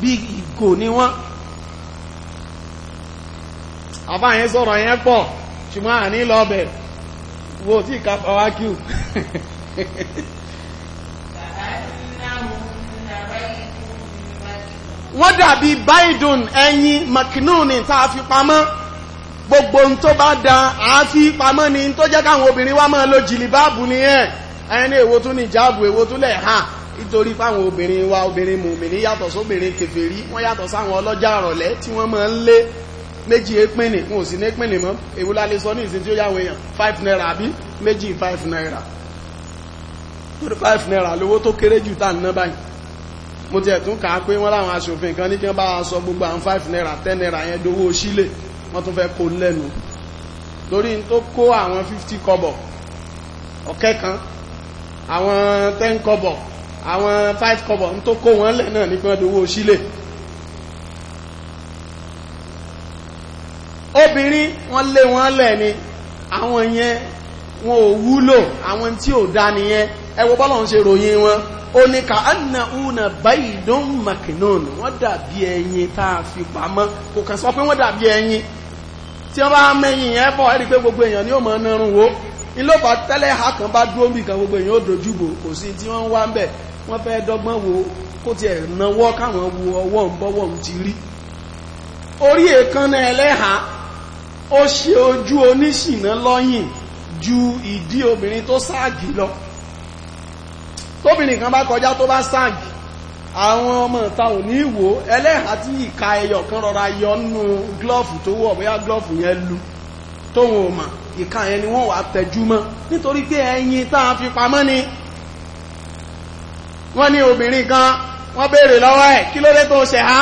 bí ìgò ni wọ́n àbá yẹn sọ̀rọ̀ yẹn pọ̀ ṣùgbọ́n àní lọ́bẹ̀ wo tí ìkápá wá wọ́n dàbí baidun ẹyin makinuni tá a fi pamọ́ gbogbo ń tó bá da a pamọ́ ni tó jẹ́ káwọn obìnrin wá máa lo jìlìbáàbù ni ẹ̀ ẹni èwo tún ní ìjáàbù èwo tún lẹ̀ hàn nítorí fáwọn obìnrin wa obìnrin mùmìnì yàtọ̀ sóbìnrin kèfèrí wọ́n yàtọ̀ sáwọn ọlọ́jà àrọ̀lẹ́ tí wọ́n máa ń lé méjì épínì wọn ò sí ní épínì mọ́ èwúlá lè sọ ní ìsìn tí ó yàwó èèyàn five naira àbí méjì five naira torí five naira lówó tó kéré jù tá à ń ná báyìí mo ti ẹ̀tún kàá pé wọ́n láwọn aṣòfin kan ní kí wọ́n bá sọ gbogbo àwọn 5 naira 10 naira yẹn dówó sílẹ̀ wọ́n tún fẹ́ kó lẹ́nu torí n tó kó àwọn 50 kọ́bọ̀ ọ̀kẹ́ kan àwọn 10 kọ́bọ̀ àwọn 5 kọ́bọ̀ n tó kó wọ́n lẹ̀ náà ní kí wọ́n dówó sílẹ̀ obìnrin wọ́n lé wọ́n lẹ̀ ni àwọn yẹn wọn ò wúlò àwọn tí ò dá nìyẹn ẹwọ bọ́lọ̀ ń ṣe ròyìn wọn ó ní ka anna una baydun maknun wọ́n dàbí ẹyin tá a fi pamọ́ kò kàn sọ pé wọ́n dàbí ẹyin tí wọ́n bá mẹ́yìn yẹn bọ̀ ẹ́rí pé gbogbo èèyàn ni ó mọ̀ nírun wo ìlọ́ba tẹ́lẹ̀ ha kan bá dúró bí kan gbogbo èèyàn ó dojúbò kò sí tí wọ́n ń wá ń bẹ̀ wọ́n fẹ́ dọ́gbọ́n wo kó tiẹ̀ náwó káwọn wo ọwọ́ ń bọ́wọ́ ń ti rí orí èékánná ẹlẹ́ha ó ṣe ojú oníṣìná lọ́yìn ju ìdí obìnrin tó ságì lọ tóbìnrin kan bá kọjá tó bá sáàgì àwọn ọmọ ìta ò ní ìwò ẹlẹ́hà tí ìka ẹyọ kan rọra yọ nínú glọ́ọ̀fù tó wọ̀ bóyá glọ́ọ̀fù yẹn lu tóun ò mà ìka yẹn ni wọ́n wà tẹjú mọ́ nítorí pé ẹyin tá a fi pamọ́ ni wọ́n ní obìnrin kan wọ́n béèrè lọ́wọ́ ẹ̀ kí ló dé tó ṣẹ̀ á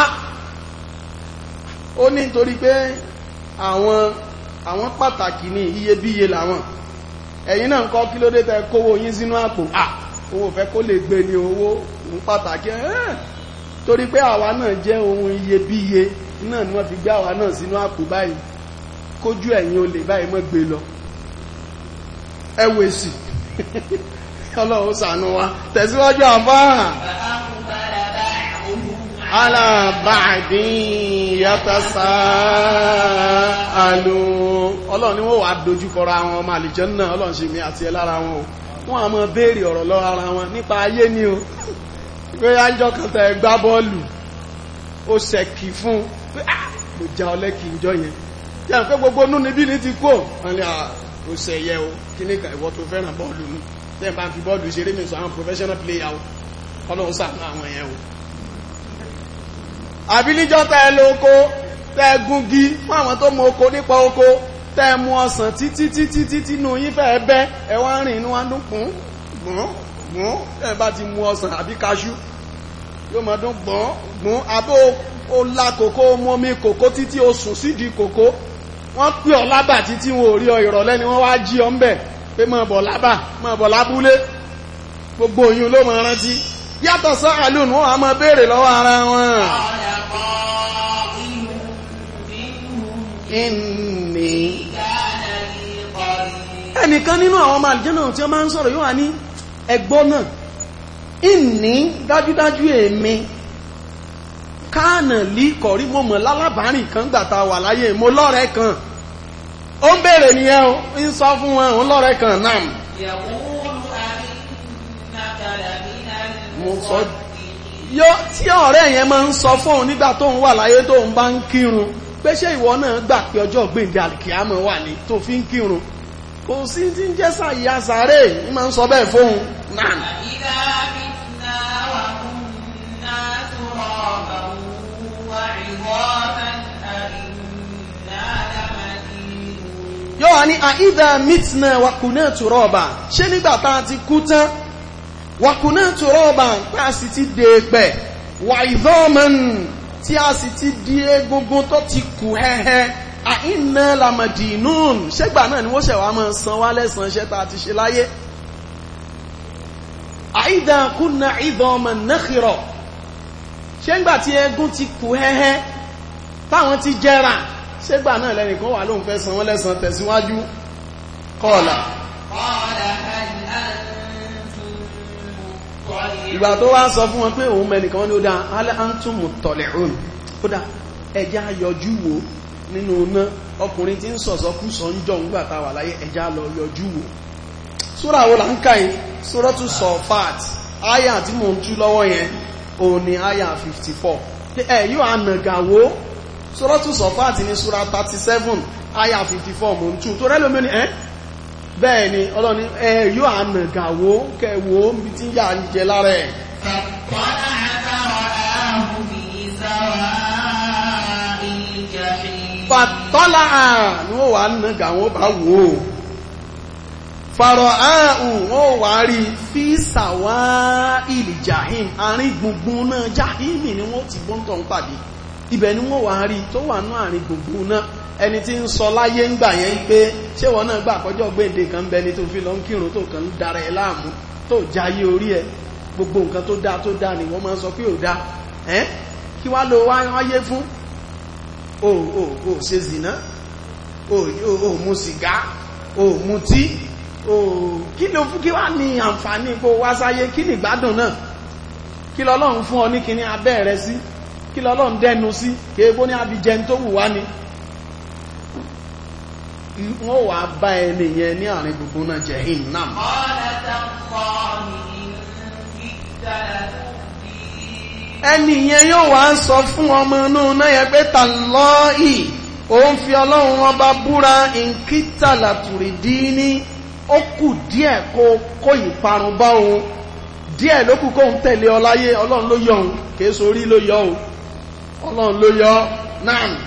ó ní nítorí pé àwọn àwọn pàtàkì ní iyebíye làwọn ẹ̀yin náà ń kọ́ kí ló dé tẹ kówó yín sínú àpò à òun ò fẹ́ kó lè gbé ní owó ń pàtàkì ẹ̀ torí pé àwa náà jẹ́ ohun iyebíye náà ni wọ́n fi gbé àwa náà sínú àpò báyìí kójú ẹ̀yìn olè báyìí mọ́ gbé lọ ẹwẹ́ sì ọlọ́run ṣàánú wa tẹ̀síwájú àbáhà alábàádín yàtà sáà àlò ọlọ́run ni wọ́n wà dojúkọra àwọn ọmọ àlìjẹ́ náà ọlọ́run ṣe mi àti ẹ lára wọn o wọ́n á máa béèrè ọ̀rọ̀ lọ ara wọn nípa ayé ni o pé ájọ́ kan tẹ̀ gbá bọ́ọ̀lù ó ṣẹ̀kì fún pé ah mo já ọ lẹ́kì ìjọ yẹn tí a ń pẹ́ gbogbo nú níbí ní ti kú ò wọ́n lè ah, ó ṣẹ̀yẹ tó fẹ́ràn bọ́ọ̀lù ni tẹ́ bá ń fi bọ́ọ̀lù ṣeré mi sọ àwọn professional player o ọlọ́run sàánú àwọn yẹn o àbí níjọ́ tẹ́ ẹ lóko tẹ́ ẹ gúngi fún àwọn tó mọ tẹ́ẹ̀mú ọsàn títí títí títí nù yín fẹ́ bẹ́ ẹ wá rìn inú wa dún kún gbọ́n gbọ́n tẹ́ẹ̀ bá ti mu ọsàn àbí kaṣú yóò máa dún gbọ́n gbọ́n abó o la kòkó o mọ́mí kòkó títí o sùn sídìí kòkó wọ́n pè ọ́ lábà títí wọn ò rí ọ ìrọ̀lẹ́ ni wọ́n wá jí ọ ń bẹ̀ pé máa bọ̀ lábà máa bọ̀ lábúlé gbogbo òyìn ló máa rántí yàtọ̀ sọ́ wọn inni ẹnìkan nínú àwọn ọmọ àlìjẹ́nà tí ó máa ń sọ̀rọ̀ yóò wà ní ẹgbọ́ náà inni dájúdájú èmi káànà lí kọ̀rí mo mọ̀ lálábàárìn kan gbàta wà láyé mo lọ́rẹ̀ kan ó ń bèèrè nìyẹn ó ń sọ fún wọn òun lọ́rẹ̀ kan náà mo sọ yóò tí ọ̀rẹ́ yẹn máa ń sọ fún òun nígbà tó ń wà láyé tó ń bá ń kírun pé ṣé ìwọ náà gbà pé ọjọ́ gbèǹdé àlìkìyàmọ̀ wà ní tó fi ń kírun kò sí tí ń jẹ́ sàyà sàárè ní máa ń sọ bẹ́ẹ̀ fóun náà. ìdá fitna wà kunna turaban wa idhaman a yóò wá ní àìdá mitna wa kunna turaban ṣé nígbà tá a ti kú tán wa kunna turaban tá a sì ti dè pẹ̀ tí a sì ti di egungun tó ti kù hẹ́hẹ́ àìnà lamadinun ṣégbà náà ni wọ́n ṣẹ̀wá máa san wá lẹ́sàn iṣẹ́ tá a ti ṣe láyé àìdá kúnna ìdán ọmọ tí egun ti kù hẹ́hẹ́ táwọn ti jẹrà ṣégbà náà lẹ́nìkan wà lóun fẹ́ san wọ́n lẹ́sàn tẹ̀síwájú kọ́ọ̀lá ìgbà tó wá sọ fún wọn pé òun mẹ́nìkan ní ó dá aláàntúmù tọ̀lẹ̀ òun ó dá ẹjá yọjú wo nínú iná ọkùnrin tí ń sọ̀sọ́kú sọ ń jọ ńgbà tá wà láyé ẹjá lọ yọjú wo súra wo là ń kà yìí tún sọ fat aya tí mò ń tú lọ́wọ́ yẹn òun ni aya 54 ẹ yóò ànàgàwó súra tún sọ fat ní súra 37 aya 54 mò ń tú tó ni ẹ́ eh? bẹ́ẹ̀ ni ọlọ́ni ẹ̀yọ́ ànàgàwó kẹwò bí tí yà ń jẹ lára ẹ̀ fàtọ́lá ni wọ́n wà nàgàwó bá wò ó fàrọ̀ áhùn wọ́n wà rí fí sàwá ìlì jahim àárín gbùngbùn náà jahim ni wọ́n ti bọ́ntọ̀ ń pàdé ibẹ̀ ni wọ́n wà rí tó wà náà àárín gbùngbùn náà ẹni tí ń sọ láyé ń gbà yẹn pé ṣé wọn náà gbà kọjọ́ gbèǹde kan bẹni tó fi lọ ń kírun tó kàn ń dara ẹ láàmú tó jayé orí ẹ gbogbo nǹkan tó dáa tó dáa ni wọ́n máa ń sọ pé ò dáa ẹ́ kí wá lo wáyé fún o ò ò ṣe zìnà o ò mu sìgá o ò mu tí o kí ló fún kí wá ní àǹfààní kó wá sáyé kí ni ìgbádùn náà kí lọ́lọ́run fún ọ ní kíní abẹ́ rẹ sí kí lọ́lọ́run dẹnu sí kéèbó ní abijẹun tó wù wá ni. wọ́n wà bá ẹni yẹn ní àárín gbogbo náà jahannam. ẹni yẹn yóò wá sọ fún ọmọ inú náà yẹn pé tallahi òun fi ọlọ́run ọba búra nkítà làtùrìdí ní ó kù díẹ̀ kó kó ìparun bá òun díẹ̀ kù tẹ̀lé ọ láyé ọlọ́run ló yọ òun kìí sorí yọ òun ọlọ́run ló yọ náà. ni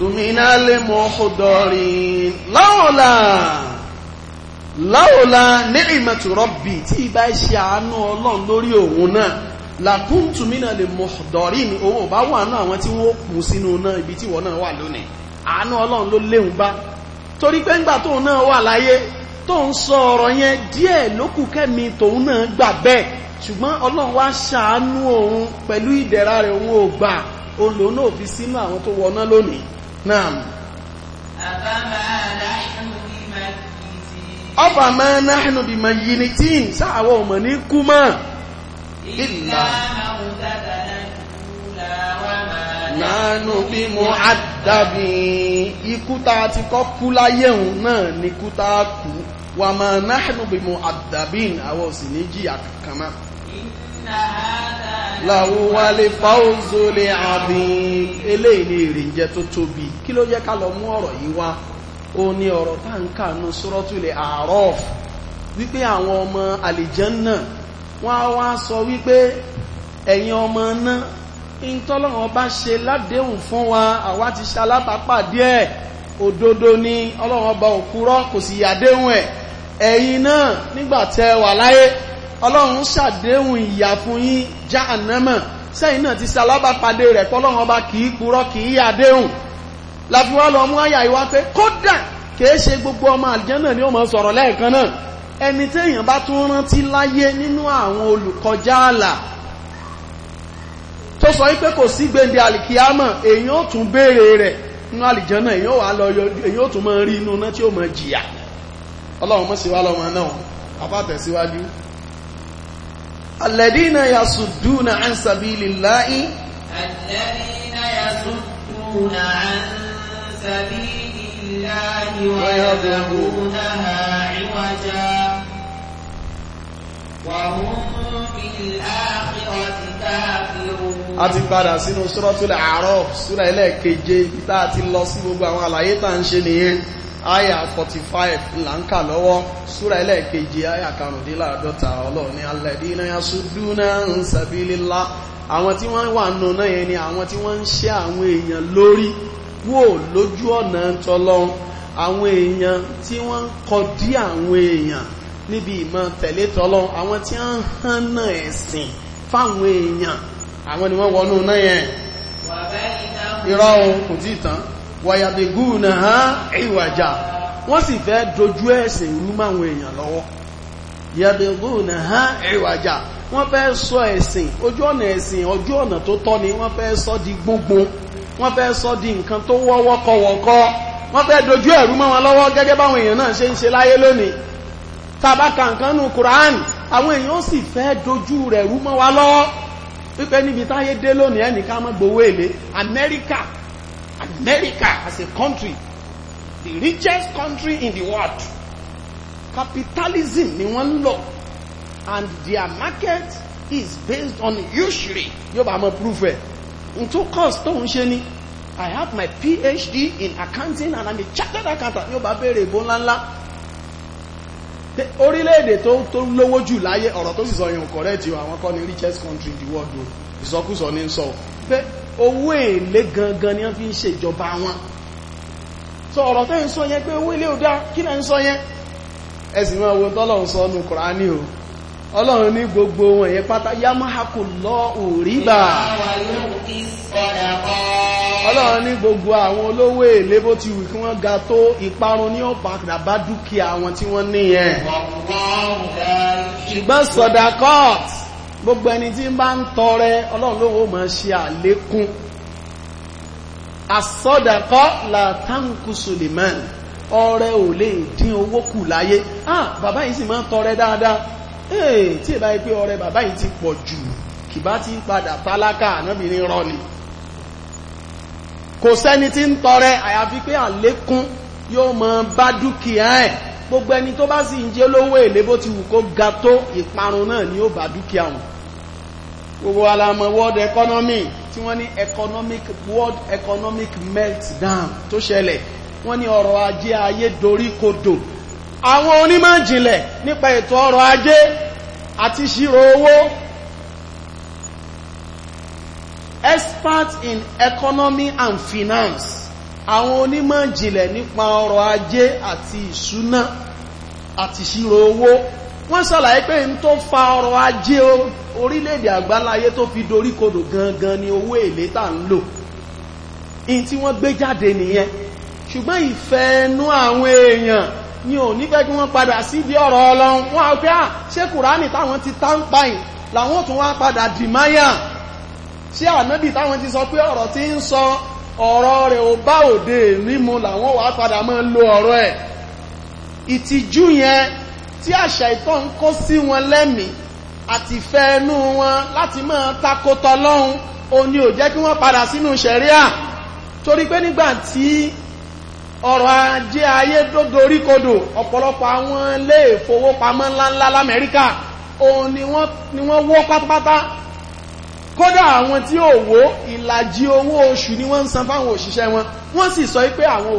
من المحضرين لولا لولا نعمة ربي tí bá ṣe àánú Ọlọ́run lórí òun náà lakuntu min al-muhdarin òun bá wà náà àwọn tí wọ́n kù sínú náà ibi tí wọ́n náà wà lónìí àánú Ọlọ́run ló léhun bá torí pé ńgbà tóun náà wà láyé tóun sọ ọ̀rọ̀ yẹn díẹ̀ lókù kẹ́mi tóun náà gbà bẹ́ẹ̀ ṣùgbọ́n Ọlọ́run wá ṣàánú òun pẹ̀lú ìdẹ̀ra rẹ̀ òun ò gbà òun lòun náà fi sínú àwọn tó wọná lónìí نعم أفما نحن بميتين أفما نحن بميتين سعوا ومنكما إلا موتتنا الأولى وما نحن بمعذبين ikú tá a ti kọ́ kú láyé òun náà ni ikú tá a kú wàmà náà nù bímọ àdàbìn àwọn òsì ní jìyà kankan náà láwọn wálé fáúzó lè àbìn eléyìí ní ìrìnjẹ tó tóbi kí ló jẹ́ ká lọ mú ọ̀rọ̀ yìí wá ó ní ọ̀rọ̀ táǹkà ní sọ́rọ́tùlẹ̀ àárọ̀f wípé àwọn ọmọ àlìjẹ́nnà wọ́n á wá sọ wípé ẹ̀yin ọmọ náà ń tọ́lọ́wọ́n bá ṣe ládéhùn fún wa àwa ti ṣe alábàápàdé ẹ̀ òdodo ni ọlọ́wọ́n bá òkúrọ́ kò sì yàdéhùn ẹ̀ ẹ̀yin náà nígbà tẹ́ wà láyé ọlọ́run ṣàdéhùn ìyà fún yín jahannama sẹ́yìn náà ti ṣalábàpàdé rẹ̀ pọ́lọ́run ọba kìí purọ́ kìí àdéhùn láfi wá lọ mú àyà ìwá pé kódà kìí ṣe gbogbo ọmọ àlìjẹ́nà ni ó mọ̀ sọ̀rọ̀ lẹ́ẹ̀kan náà ẹni téèyàn bá tún rántí láyé nínú àwọn olùkọjá àlà tó sọ wípé kò sí gbèǹde àlìkíámọ̀ èèyàn ó tún béèrè rẹ̀ nínú àlìjẹ́nà èèyàn wà lọ yọjú ó tún mọ̀ rí inú náà tí ó mọ̀ jìyà ọlọ́run mọ̀ sí lọ́mọ náà àbátẹ̀síwájú alẹ́dínà ya sùdúnà án sàbílì láì alẹ́dínà ya sùdúnà án sàbílì láì wàyàbẹ̀rúnà àríwájá wàhún a ti padà sínú Suratul A'raf súra ẹlẹ́ẹ̀keje tá a ti lọ sí gbogbo àwọn àlàyé tá ń ṣe nìyẹn àyà 45 là ń kà lọ́wọ́ súra ẹlẹ́ẹ̀kejì àyà karùndínláàdọ́ta ọlọ́run ní alladina yasudduna an sabilillah àwọn tí wọ́n wà nù náà yẹn ni àwọn tí wọ́n ń ṣe àwọn èèyàn lórí wò lójú ọ̀nà tọlọ́run àwọn èèyàn tí wọ́n ń kọdí àwọn èèyàn níbi ìmọ̀ tẹ̀lé tọlọ́run àwọn tí wọ́n ń hànà ẹ̀sìn fáwọn èèyàn àwọn ni wọ́n wọnú náà yẹn irọ́ wàyàbẹ̀gúnà ha ìwàjá wọ́n sì fẹ́ dojú ẹ̀sìn ìrú èèyàn lọ́wọ́ yàbẹ̀gúnà ha ìwàjá wọ́n fẹ́ sọ ẹ̀sìn ojú ọ̀nà ẹ̀sìn ojú ọ̀nà tó tọ́ ni wọ́n fẹ́ sọ di gbógun wọ́n fẹ́ sọ di nǹkan tó wọ́wọ́ kọwọ́kọ́ wọ́n fẹ́ dojú ẹ̀rú máwọn lọ́wọ́ gẹ́gẹ́ báwọn èèyàn náà ṣe ń ṣe láyé lónìí tàbákà nǹkan nù kùránì àwọn èèyàn sì fẹ́ dojú rẹ̀ rú mọ́ wa lọ́wọ́ wípé níbi táyé dé lónìí ẹnìkan mọ́ gbowó èlé Amẹ́ríkà America as a country, the richest country in the world, capitalism ni wọ́n lọ and their market is based on usury. Yóò bá mọ prove ẹ̀. N tó course tó ń ṣe ni I have my PhD in accounting and I'm a chartered accountant. Yóò bá béèrè ìbò ńláńlá. Orílẹ̀-èdè tó tó lówó jù láyé ọ̀rọ̀ tó sì sọ yẹn correct o àwọn kọ́ ni richest country in the world o. Ìsọkúsọ ní sọ. Bẹ́ẹ̀ owó èlé gangan ni wọ́n fi ń ṣèjọba wọn so ọ̀rọ̀ tẹ́ ń sọ yẹn pé owó èlé ò dá kí náà ń sọ yẹn ẹ̀sìn máa wo tọ́lọ́run sọ nù Kùránì o ọlọ́run ní gbogbo wọn yẹn pátá yámáhàkù lọ òríbà ọlọ́run ní gbogbo àwọn olówó èlé bó ti wù kí wọ́n ga tó ìparun ní ọ̀pàdà bá dúkìá wọn tí wọ́n ní yẹn ṣùgbọ́n sọ̀dà gbogbo ẹni tí ń bá ń tọrẹ ọlọ́run ló wò máa ṣe àlékún àsọdàkọ́ làtàǹkùsù lèmán ọrẹ ò lè dín owó kù láyé ah bàbá yìí sì máa ń tọrẹ dáadáa ee tí ìbá yìí pé ọrẹ bàbá yìí ti pọ̀ jù kì bá ti padà tálákà ànábìrin rọlì kò sẹ́ni tí ń tọrẹ àyàfi pé àlékún yóò máa bá dúkìá ẹ̀ gbogbo ẹni tó bá sì ń jẹ́ lówó èlé bó ti wù kó ga tó ìparun náà ni ó bá dúkìá wọn gbogbo alamọ world economy tí wọ́n ní economic world economic meltdown tó ṣẹlẹ̀ wọ́n ní ọrọ̀ ajé ayé dorí kodò àwọn onímọ̀ ìjìnlẹ̀ nípa ètò ọrọ̀ ajé àti ìṣirò owó experts in economy and finance àwọn onímọ̀ jìnlẹ̀ nípa ọrọ̀ ajé àti ìṣúná àti ìṣirò owó wọ́n ṣàlàyé pé n tó fa ọrọ̀ ajé orílẹ̀-èdè àgbáláyé tó fi doríkodò gangan ni owó èlé tá ń lò in tí wọ́n gbé jáde nìyẹn ṣùgbọ́n ìfẹ́ ẹnu àwọn èèyàn ni ò nífẹ́ kí wọ́n padà síbi ọ̀rọ̀ ọlọ́run wọ́n á pé à ah, ṣé kùránì táwọn ti tá ń pààyàn làwọn tún wá padà dìmáyà ṣé ànábì táwọn ti sọ pé ọ̀rọ̀ tí ń sọ ọ̀rọ̀ rẹ̀ ò bá òde mímu làwọn wà padà máa ń lo ọ̀rọ̀ ẹ̀ ìtìjú yẹn tí àṣà ìtọ́ ń kó sí wọn lẹ́mìí àti ìfẹ́ ẹnu wọn láti máa takotọ lọ́hun òun ni ò jẹ́ kí wọ́n padà sínú ṣẹ̀ríà torí pé nígbà tí ọrọ̀ ajé ayé dorí kodò ọ̀pọ̀lọpọ̀ àwọn ilé ìfowópamọ́ ńláńlá lamẹ́ríkà òun ni wọ́n wó pátápátá kódà àwọn tí ò wó ìlàjì owó oṣù ni wọ́n ń san fáwọn òṣìṣẹ́ wọn wọ́n sì sọ pé àwọn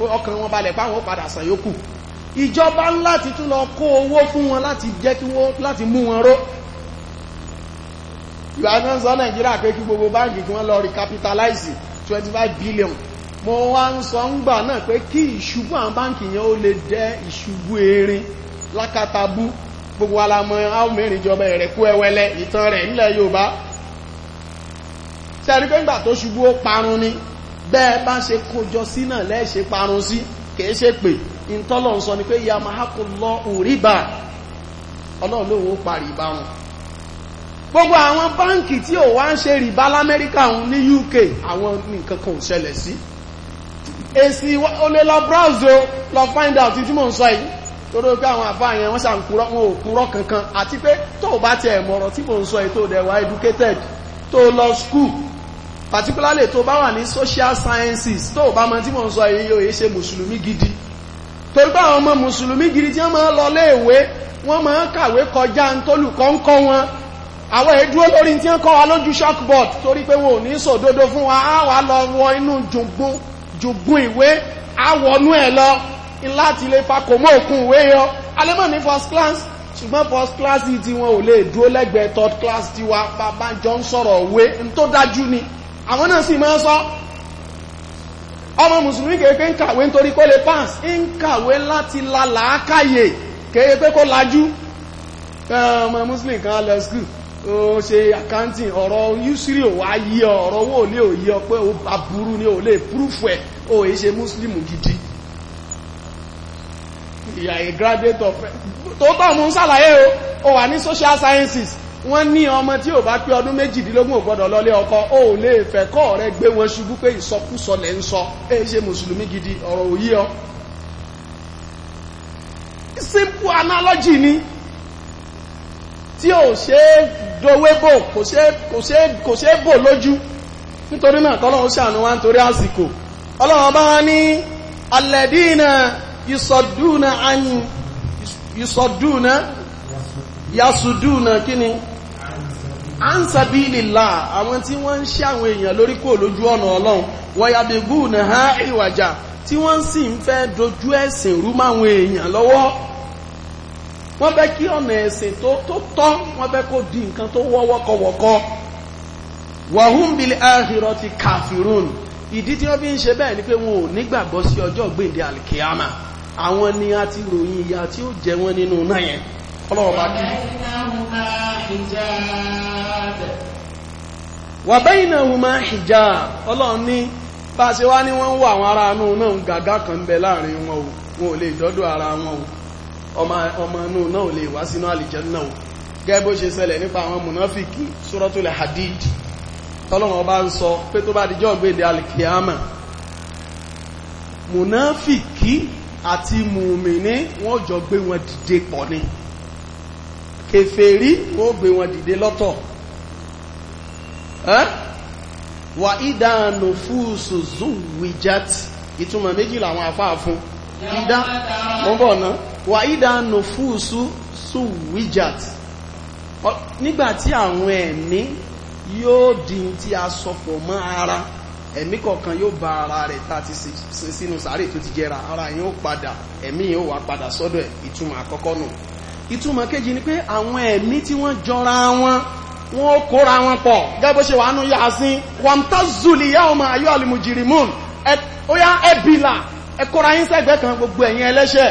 ò ọkàn wọn balẹ̀ fáwọn ó padà san yókù ìjọba ńlá ti tún lọ kó owó fún wọn láti jẹ́ kí wọ́n láti mú wọn ró ìwàjọ́ sọ nàìjíríà pé kí gbogbo báńkì kí wọ́n lọ recapitalize 25 billion mo wá ń sọ ń gbà náà pé kí ìṣubú àwọn báńkì yẹn ó lè jẹ́ ìṣubú erin lákàtàbú gbogbo alamọ àwọn mẹ́rin ìjọba ẹ̀rẹ̀kú ẹwẹlẹ ìtàn rẹ̀ nílẹ̀ yorùbá sẹ́rí pé ńgbà tó ṣubú ó parun ni bẹ́ẹ̀ bá ṣe kójọ sí náà lẹ́ẹ̀ṣe parun sí kìí ṣe pé ìntọ́lọ̀ ń sọ ni pé ya máa kò lọ òríbà ọlọ́run ló wó parí ìbá wọn gbogbo àwọn báǹkì tí ò wá ń ṣe rìbá lamẹ́ríkà òun ní UK àwọn nǹkan kan ò ṣẹlẹ̀ sí èsì olè lọ browse lọ find out tí mò ń sọ yìí torí pé àwọn àbá yẹn wọ́n ṣàǹkúrọ́ wọn ò kúrọ́ kankan àti pé tó bá tiẹ̀ mọ̀rọ̀ tí mò ń sọ yìí tó dẹ̀ wá educated tó lọ school particularly tó bá wà ní social sciences tó bá mọ tí mò sọ èyí yóò ṣe mùsùlùmí gidi torí pé àwọn ọmọ mùsùlùmí gidi tí wọ́n máa ń lọ léèwé wọ́n máa ń kàwé kọjá ń tólùkọ́ ń kọ́ wọn àwọn èdúró lórí tí wọ́n kọ́ wa lójú chalkboard torí pé wọn ò ní sòdodo fún wa á wà lọ wọ inú jùgbùn ìwé á wọnú ẹ̀ lọ láti lè fa kòmọ́ òkun ìwé yọ alẹ́mọ̀ ní first class ṣùgbọ́n first class yìí tí wọn ò lè dúró lẹ́gbẹ̀ẹ́ third class tiwa bàbá jọ ń sọ̀rọ̀ òwe ń tó dájú ni àwọn náà sì máa sọ ọmọ mùsùlùmí kèèké ń kàwé nítorí kó lè pass ń kàwé láti la làákàyè kèèké pé kó lajú ọmọ muslim kan lọ skul ó ṣe accounting ọ̀rọ̀ yusri ò wá yí ọ̀rọ̀ owó olè ò yí ọ pé ó aburú ní olè prúfù ẹ̀ ó èé ṣe muslim gidi ìyà a graduate of tó tọ́ mú sàlàyé o ó wà ní social sciences wọ́n ní ọmọ tí ò bá pé ọdún méjìdínlógún ò lọlé ọkọ ó lè fẹ́ kọ́ rẹ gbé wọn ṣubú pé ìsọkúsọ lẹ́ ń sọ gidi ọ̀rọ̀ òyí ọ simple analogy ni tí ò ṣe dowébò kò ṣe bò lójú nítorí náà tọ́lọ́run ṣàánú wá nítorí àsìkò ọlọ́run bá ní alẹ́dínà ìsọdúnà kini. a ansabilillah àwọn tí wọ́n ń ṣe àwọn èèyàn lórí kò lójú ọ̀nà ọlọ́run wọ̀yàbẹ̀gù nà ha ìwàjà tí wọ́n sì ń fẹ́ dojú ẹ̀sìn rú máwọn èèyàn lọ́wọ́ wọ́n fẹ́ kí ọ̀nà ẹ̀sìn tó tọ́ wọ́n fẹ́ kó di nǹkan tó wọ́wọ́kọ̀wọ́kọ́ wọ̀hún bíi ahìrọ̀ ti kàfírùn ìdí tí wọ́n fi ń ṣe bẹ́ẹ̀ ni pé wọn ò nígbàgbọ́ sí ọjọ́ gbèǹde àlìkíyàmà àwọn ni a ti ròyìn ìyà tí ó jẹ wọ́n nínú náà yẹn ọlọ́wọ́ bá kí wà bẹ́yìn náà wọ́n máa hijab ọlọ́run ní bá ṣe wá ní wọ́n wà àwọn ará anú náà gàgá kan bẹ láàrin wọn o wọn ò lè dọ́dọ̀ ara wọn o ọmọ anú náà lè wá sínú àlìjánnà o gẹ́gẹ́ bó ṣe ṣẹlẹ̀ nípa àwọn mùnáfìkì Suratul Hadid tọ́lọ́run ọba ń kèfèrí ó gbé wọn dìde lọ́tọ̀ wà ìdánù fúúsù zúwìját ìtumọ̀ méjì làwọn àfáà fún wà ìdánù fúúsù nígbàtí àwọn ẹ̀mí yóò tí a sọpọ̀ mọ́ ara ẹ̀mí kọ̀ọ̀kan yóò bá ara rẹ̀ tá sínú sàárè tó ti jẹra ara yóò padà ẹ̀mí yóò wá padà sọ́dọ̀ ìtumọ̀ àkọ́kọ́ ìtumọ̀ kejì ni pé àwọn ẹ̀mí tí wọ́n jọra wọn wọ́n kóra wọn pọ̀ gẹ́gbó ṣe wà nú Yasin wàmtá zuli yá ọmọ ayọ́ alìmùjìrìmùn ọyá ẹbìlà ẹkọ́ra yín sẹ́gbẹ́ kan gbogbo ẹ̀yin ẹlẹ́ṣẹ̀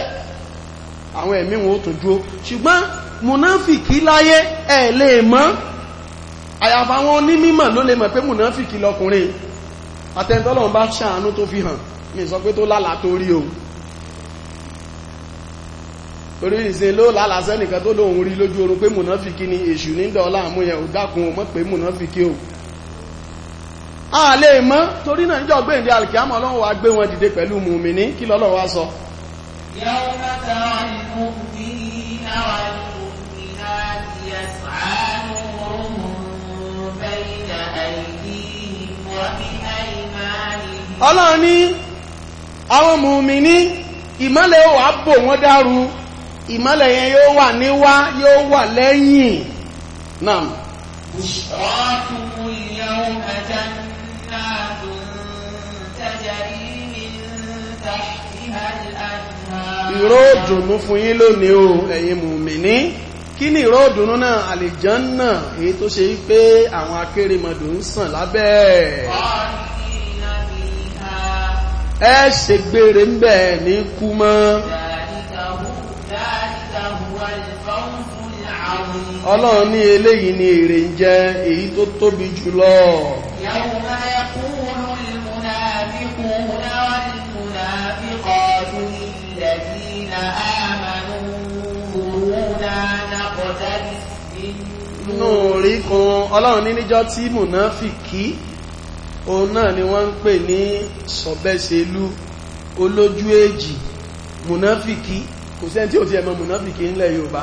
àwọn ẹ̀mí wọn ó tún dúró ṣùgbọ́n mùnáfìkì láyé ẹ̀ lè mọ̀ àyàfà wọn ní mímọ̀ ló lè mọ̀ pé mùnáfìkì lọkùnrin àtẹ́ntọ́lọ́run bá ṣàánú tó fi hàn torí ìsin ló lálàsẹ́ nìkan tó lóun rí lójú oorun pé mùnáfíkí ni èṣù ní dọ́ọ̀lá àmúyẹ̀ ò dákun mọ́ pé mùnáfíkí o a lè mọ̀ torí náà níjọ́ gbé ìdí alìkíámọ̀ ọlọ́run wa gbé wọn dìde pẹ̀lú mùmìní kí lọ́lọ́run wa sọ ọlọ́run ní àwọn mùmìní ìmọ́lẹ̀ wà bò wọ́n dàrú ìmọ́lẹ̀ yẹn yóò wà níwá yóò wà lẹ́yìn náà. بشراكم اليوم جنات تجري من تحتها الأنهار ìró ìdùnnú fún yín lónìí o ẹ̀yin mùmíní kí ni ìró ìdùnnú náà àlìjánná èyí tó ṣe pé àwọn akérèmọdò ń sàn lábẹ́ ẹ ṣègbére ń bẹ̀ ní kú mọ́. ọlọ́run ní eléyìí ni èrè ń jẹ èyí tó tóbi jùlọ nínú orí kan ọlọ́run ní níjọ́ tí mùnáfìkí òun náà ni wọ́n ń pè ní sọ̀bẹ́sẹ̀lú olójú èjì mùnáfìkí kò sẹ́ni tí ò ti ẹ̀mọ̀ mùnáfìkí ńlẹ̀ Yorùbá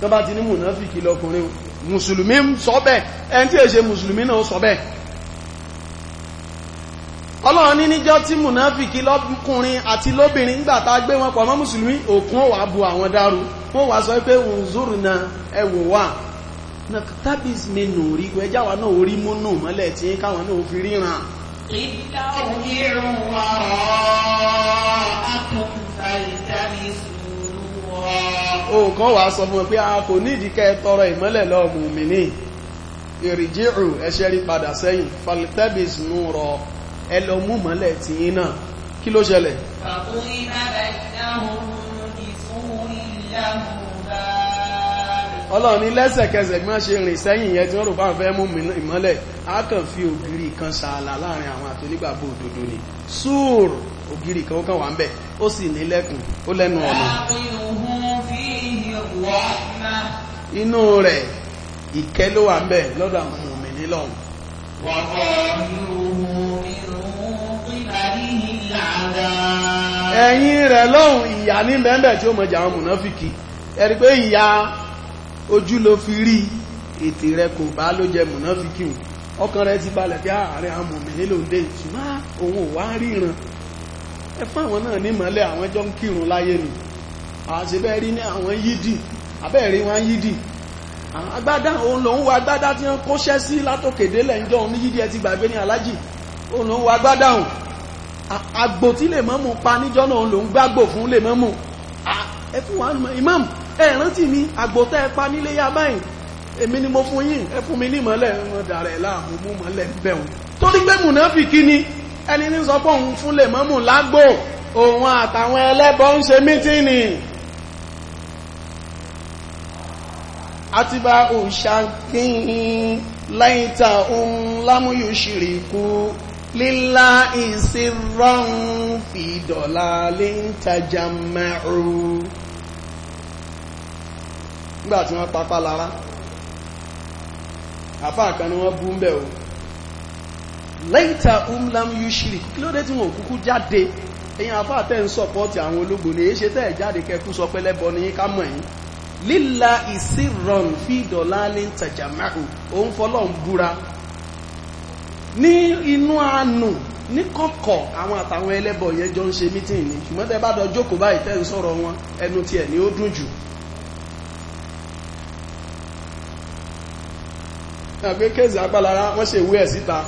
tó bá ti ní mùnáfìkì lọkùnrin mùsùlùmí sọ bẹ́ẹ̀ ẹni tí è ṣe mùsùlùmí náà sọ bẹ́ẹ̀ ọlọ́run ní níjọ́ tí mùnáfìkì lọ́kùnrin àti lóbìnrin nígbà tá gbé wọn pọ̀ mọ́ mùsùlùmí òkun wà bu àwọn dàrú wọ́n wà sọ pé òǹzúrù na ẹwò wà nàkàtàbís mi nù rí ẹjá o kan wà sọ fún pé a kò ní ìdíkẹ́ tọrọ ìmọ́lẹ̀ lọ́ọ̀mù mi ní ìrìjíhù ẹṣẹ́ rí padà sẹ́yìn falitebis ń rọ ẹlọ́mú mọ́lẹ̀ tí yín náà kí ló ṣẹlẹ̀ ọlọ́run lẹ́sẹ̀kẹsẹ̀ gbọ́n ṣe rìn sẹ́yìn yẹn tí wọ́n rò bá ń fẹ́ mú ìmọ́lẹ̀ a kàn fi ògiri kan ṣààlà láàrin àwọn àtònígbàgbọ́ òdodo ni súùrù ògiri kan ó wà ń bẹ̀ ó sì ní lẹ́kùn ó lẹ́nu ọ̀nà inú rẹ̀ ìkẹ́ ló wà ń bẹ̀ lọ́dọ̀ àwọn ọmọ mi ẹ̀yìn rẹ̀ lọ́hùn ìyà ní bẹ́ẹ̀bẹ̀ tí ó mọ̀ ẹ̀rí pé ìyà ti balẹ̀ pé nílò dé òun ò wá ríran ẹ̀fún àwọn náà ní mọ́lẹ̀ àwọn jọ ń kírun láyé ni àṣebẹ́ rí ní àwọn yídì abẹ́ẹ̀rí wọn yídì agbádá òun lòun wọ agbádá tí wọ́n kóṣẹ́ sí látòkèdè lẹ́njọ́ òun ní yídì ẹ ti gbàgbé ní alájì òun lòun wọ agbádá òun àgbò tí lè mọ́mù pa níjọ́ náà òun lòun gbàgbò fún lè mọ́mù ẹ̀fún wọn imam ẹ rántí mi àgbò tẹ́ ẹ pa nílé yá báyìí èmi ni mo fún yín ẹ fún mi ní mọ́lẹ̀ wọn dàrẹ̀ láàmú mú mọ́lẹ̀ bẹ̀rù torí pé mùnàfìkì ni ẹni ní sọ pé òun fún lè mọ́mù lágbò òun àtàwọn ẹlẹ́bọ ń ṣe mítìnì àtibá òṣàkín láìta òun lámúyù ṣìrìkú lílá ìsìnrán fìdọ̀lá lè ń tajà mẹ́rù nígbà wọ́n papá lára àfáà ni wọ́n bú ń bẹ̀ later umlam yushiri kí ló dé tí wọ́n kúkú jáde ẹ̀yin afá tẹ́ ń sọ̀pọ̀tì àwọn ológbò ní èéṣe tẹ́ ẹ̀ jáde kẹkú sọ pé lẹ́bọ ní ká mọ̀ yín lílà ìsírọ̀n fídọ̀lá lè ń tàjà máhù òun fọlọ́ ń búra ní inú àánú ní kọ̀kọ̀ àwọn àtàwọn ẹlẹ́bọ yẹn jọ ń ṣe mítìn ni ṣùgbọ́n tẹ́ bá dọjọ́ kò báyìí tẹ́ ń sọ̀rọ̀ wọn ẹnu tiẹ̀ ni ó dùn jù àgbékèzì agbálára wọ́n ṣe ìwé ẹ̀ síta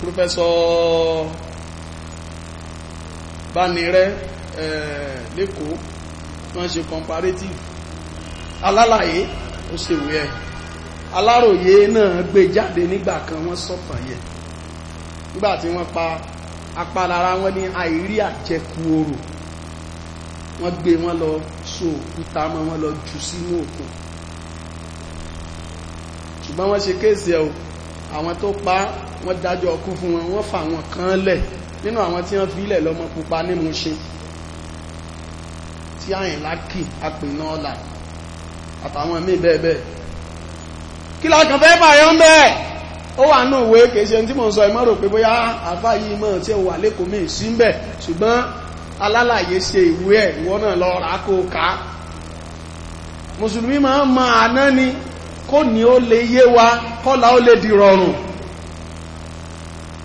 Professor Banire eh, lẹ́kọ̀ọ́ wọ́n ṣe comparative alálàyé ó ṣe wé ẹ̀ aláròyé náà gbé jáde nígbà kan wọ́n sọ̀tàn yẹ nígbà tí wọ́n pa apalára wọn ní àìrí àjẹkù oòrùn wọ́n gbé wọn lọ so òkúta mọ́ wọn lọ jù sínú òkun ṣùgbọ́n wọ́n ṣe kéèsì ẹ̀ o àwọn tó pa wọ́n dájọ́ ọkú fún wọn wọ́n fà wọn kan lẹ̀ nínú àwọn tí wọ́n fi ilẹ̀ lọ́mọ pupa ní Mùṣín tí Àyìnlá kì apènà ọ̀la àtàwọn míì bẹ́ẹ̀ bẹ́ẹ̀ kí lákan fẹ́ fàyọ́ ń bẹ́ẹ̀ ó wà ní òwe kèèṣe tí mo ń sọ ìmọ́rò pé bóyá àfá yìí mọ́ tí ó wà lẹ́kọ̀ọ́ mi sí ń bẹ̀ ṣùgbọ́n alálàyé ṣe ìwé ẹ̀ ìwọ náà lọ rà kó ká mùsùlùmí máa ń mọ àná ni kó ní ó lè yé wa kọ́lá ó lè di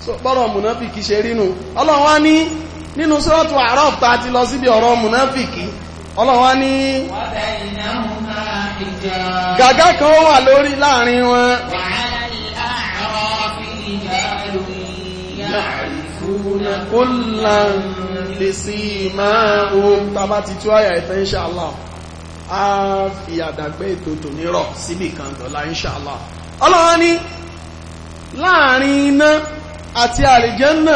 so bọ́rọ̀ mùnáfìkì ṣe rínú ọlọ́run wá ní nínú sọ́ọ̀tù A'raf ti lọ síbi ọ̀rọ̀ mùnáfìkì ọlọ́run wá ní gàgá kan wà lórí láàrin wọn lè sí ohun àyà ìfẹ́ a fi àdàgbé ètò tònírọ̀ síbì kan dọ̀la inṣàlá ọlọ́run ní láàrin iná àti àlìjẹ́nà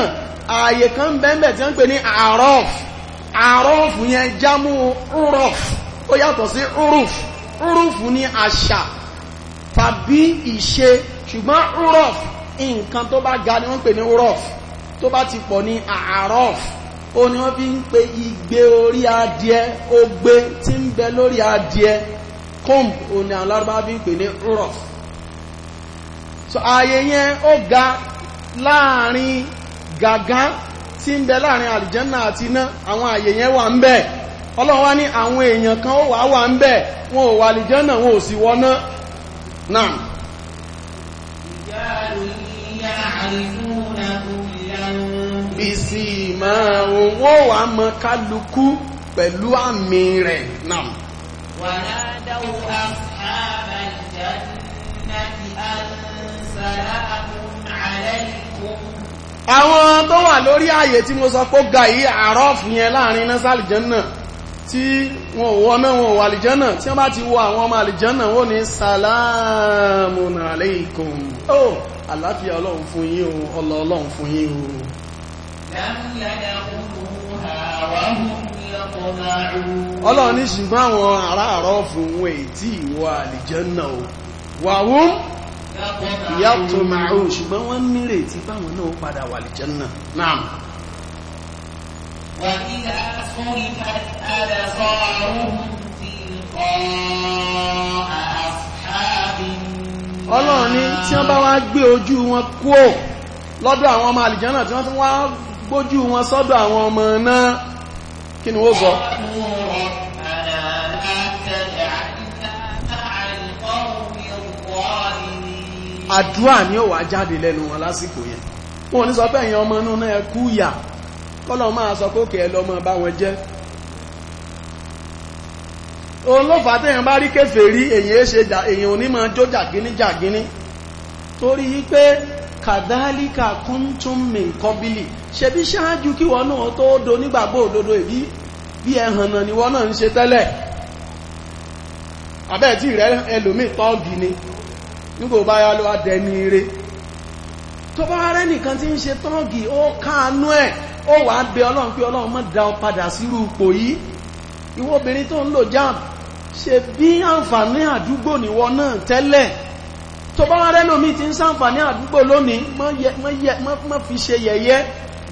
ààyè kan bẹ́ẹ̀bẹ̀ tí wọ́n pè ní àrọ́f àrọ́f yẹn jámú rúrọ́f ó yàtọ̀ sí rúrùf rúrùf ní àṣà tàbí ìṣe ṣùgbọ́n rúrọ́f nǹkan tó bá ga ni wọ́n pè ní rúrọ́f tó bá ti pọ̀ ní àrọ́f ó ní wọ́n fi ń pe igbe orí adìẹ ogbe tí ń bẹ lórí adìẹ comb ó ní àwọn fi ń pè ní rúrọ̀ so ààyè yẹn ó ga láàrin gàgá tí ń bẹ láàrin àlìjẹ́nà àti iná àwọn ààyè yẹn wà ń bẹ ọlọ́run wá ní àwọn èèyàn kan ó wà wà ń wọn ò wà àlìjẹ́nà wọn ò sì wọná náà. bìsì máa wọ́n wà mọ́ kálukú pẹ̀lú àmì rẹ̀ náà. ونادوا أصحاب الجنة أن سلام عليكم àwọn tó wà lórí ààyè tí mo sọ pé ga yìí àrọ́ọ̀fù yẹn láàrin iná sàlìjánà tí wọn ò wọ́n náà wọn ò wà àlìjánà tí wọ́n bá ti wọ àwọn ọmọ àlìjánà wọ́n ní sàlámùn àlẹ́ìkùn ó àlàáfíà ọlọ́run fún yín o ọlọ́ ọlọ́run fún yín o ọlọ́run ní ṣùgbọ́n àwọn aráàrọ̀ fún wọn ètí ìwọ àlìjẹ́nà o wà wọ́n ìyá tó máa rò ṣùgbọ́n wọ́n nírètí báwọn náà padà wà àlìjẹ́nà náà wà ọlọ́run ní tí wọ́n bá wá gbé ojú wọn kúò lọ́dọ̀ àwọn ọmọ àlìjẹ́nà tí wọ́n tún wá gbójú wọn sọ́dọ̀ àwọn ọmọ náà kí ni wọ́n sọ àdúà ni ó wà jáde lẹ́nu wọn lásìkò yẹn wọn ní sọ pé ẹ̀yin ọmọ inú náà kú yà kọ́lọ̀ máa sọ pé òkè ẹlọmọ bá wọn jẹ́ òun tẹ́yàn bá rí kèfèrí èyàn onímọ̀ jó jàgíní jàgíní torí pé kàdálíkà kúntùm mi nǹkan bílì ṣebí ṣáájú kí wọn náà tó do nígbàgbọ́ òdodo ìbí bí ẹ̀hàn náà ni wọn náà ń ṣe tẹ́lẹ̀ àbẹ́ẹ̀tì rẹ ẹlòmíì tọ́ọ̀gì ni nígbò bá yá ló wá dẹni ire tó bá rẹ́ nìkan tí ń ṣe tọ́ọ̀gì ó káánú ẹ̀ ó wà á bẹ ọlọ́run pé ọlọ́run má dá padà sírú ipò yìí ìwọ tó ń lò jáàmù ṣe bí àǹfààní àdúgbò nìwọ náà tẹ́lẹ̀ tó bá wọ́n rẹ́lòmí ti ń sàǹfàní àdúgbò lónìí mọ́ fi ṣe yẹ̀yẹ́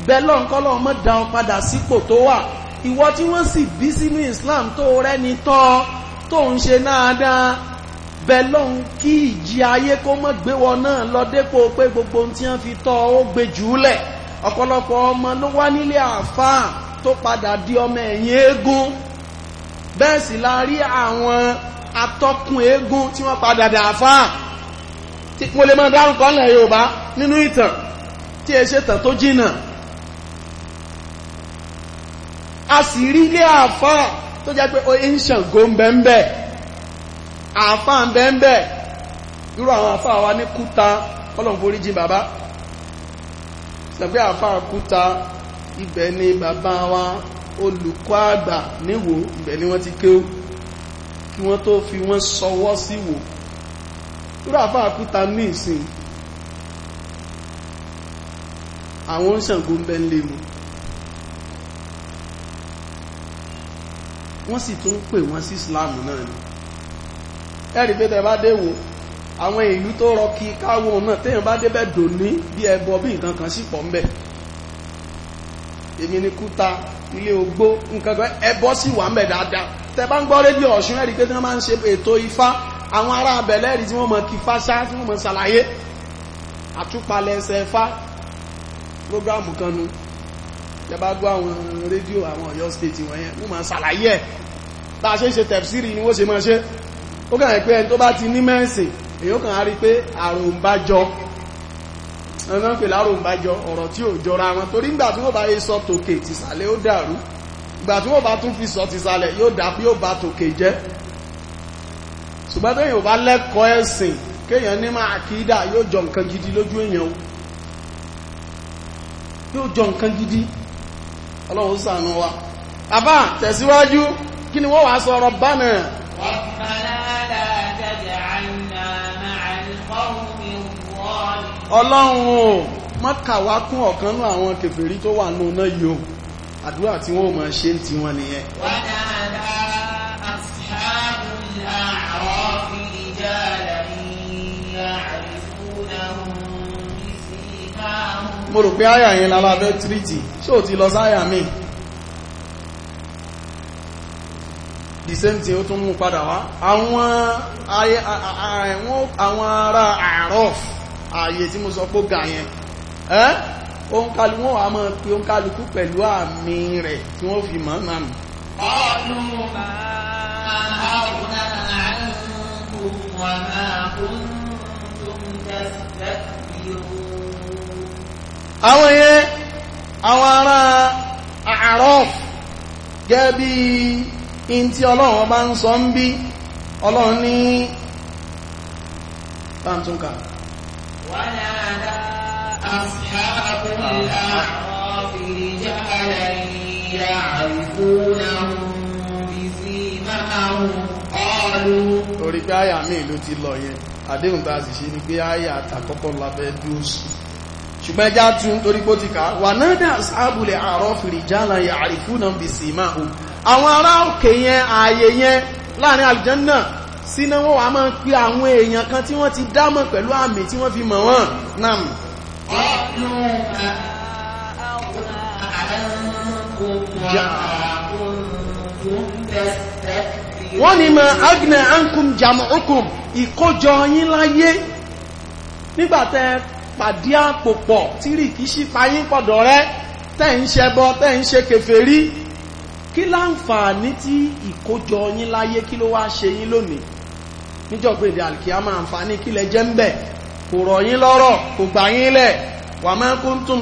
bẹ́lọ̀ ńkọ́lọ̀ mọ́ dáun padà sípò tó wà ìwọ tí wọ́n sì bí sínú Islam tó rẹ́ni tọ́ tó ń ṣe náadáa bẹ́lọ̀ ń kí ìjì ayé kó mọ́ gbéwọ náà lọ dépò pé gbogbo tí wọ́n fi tọ́ ó gbé jùúlẹ̀ ọ̀pọ̀lọpọ̀ ọmọ ló wá nílé àáfàá tó padà di ọmọ ẹ̀yìn eégún bẹ́ẹ̀ sì la rí àwọn atọ́kùn eégún tí wọ́n padà dà àáfàá tí mo lè máa dárúkọ ńlẹ̀ Yorùbá nínú ìtàn tí ẹ ṣe tàn tó jìnà a sì rí ilé àáfàá tó jẹ́ pé oye ń ṣàngó ń bẹ́ńbẹ́ àáfàá ń bẹ́ńbẹ́ irú àwọn àáfàá wa ní kúta ọlọ́run forí jìn bàbá sàgbé àáfàá kúta ibẹ̀ ni bàbá wa olùkọ́ àgbà níwò ibẹ̀ ni wọ́n ti kéwú kí wọ́n tó fi wọ́n sọwọ́ síwò si irú àfá akuta ní ìsìn àwọn oúnṣàngó ń mu wọ́n sì tún pè wọ́n Islam ni pé tẹ bá déwò àwọn tó rọ kí káwọn náà téèyàn bá débẹ̀ dò ní bí ẹbọ bí nkan kan si pọ̀ ni ilé ogbó nǹkan kan wà ń bẹ̀ dáadáa tẹ bá ń gbọ́ rédíò Ọ̀ṣun pé tí wọ́n máa ń ṣe ètò àwọn ará abẹ̀lẹ́rì tí wọ́n mọ̀ kí fáṣá tí wọ́n mọ̀ ṣàlàyé àtúpalẹ̀ ẹsẹ̀ fá prógrámù kan nu yẹba gbọ́ àwọn rédíò àwọn Ọ̀yọ́ state wọ̀nyẹn wọ́n mọ̀ ṣàlàyé ẹ̀ bá a ṣe ń ṣe tẹ̀fsírì ni wọ́n ṣe mọ́ ṣe ó kàn rẹ̀ pé ẹni tó bá ti ní mẹ́sìn èyàn kàn á rí pé àròǹbájọ ẹ̀nà pè láròǹbájọ ọ̀rọ̀ tí ò jọra wọn torí ńgbà tí wọ́n bá yé sọ tòkè tìsàlẹ̀ ó dàrú ìgbà tí wọ́n bá tún fi sọ tìsàlẹ̀ yóò dà bí ó ba tòkè jẹ́ ṣùgbọ́n tó yìnbọn bá lẹ́kọ̀ọ́ ẹ̀sìn kéèyàn ní máa àkídà yóò jọ nǹkan gidi lójú èèyàn yóò jọ nǹkan gidi ọlọ́run ṣàánú wa àbá tẹ̀síwájú kí ni wọ́n wàá sọ Rabbana ọlọ́run o má kà kún ọ̀kan nú àwọn kèfèrí tó wà nù náà yìí o àdúrà tí wọ́n máa ṣe ń tiwọn nìyẹn أصحاب الأعراف رجالا يعرفونهم بسيماهم mo rò pé àyà yẹn lára fẹ́ tírìtì ṣé ò ti lọ sáyà mi the same thing ó tún mú padà wá àwọn ará àrọ́f ààyè tí mo sọ pé ga yẹn ẹ́ òun kálukú wọ́n wà mọ́ pé òun kálukú pẹ̀lú àmì rẹ̀ tí wọ́n fi mọ́ náà قالوا ما أغنى عنكم àwọn yẹn àwọn ará gẹ́gẹ́ bí in tí ọlọ́run ọba ń sọ ń bí ọlọ́run ní tàǹtùnkà wà أصحاب الأعراف رجالا يعرفونهم بسيماهم قالوا orí pé àyà míì ló ti lọ yẹn àdéhùn tá sì ṣe ni pé àyà àtàkọ́kọ́ labẹ́ dúró sí ṣùgbọ́n ẹjá tún nítorí pó ti ká láàrin àlùjànnà sínú wọn wà máa ń pe àwọn èèyàn kan tí wọ́n ti dámọ̀ pẹ̀lú àmì tí wọ́n fi mọ̀ wọ́n náà واتلوا ما أغنى عنكم wọ́n ní ma agnẹ̀ ankum jamukum ìkójọ yín láyé nígbàtẹ́ pàdé àpòpọ̀ tí rì kí sí payín pọ̀dọ̀ rẹ tẹ́ ń ṣẹbọ tẹ́ ń ṣe kèfèrí kí láǹfààní tí ìkójọ yín láyé kí ló wá ṣe yín lónìí níjọ́ pé àǹfààní kí lẹ jẹ́ ń bẹ̀ kò rọ̀ yín lọ́rọ̀ kò gbà yín lẹ̀ wà máa kún tún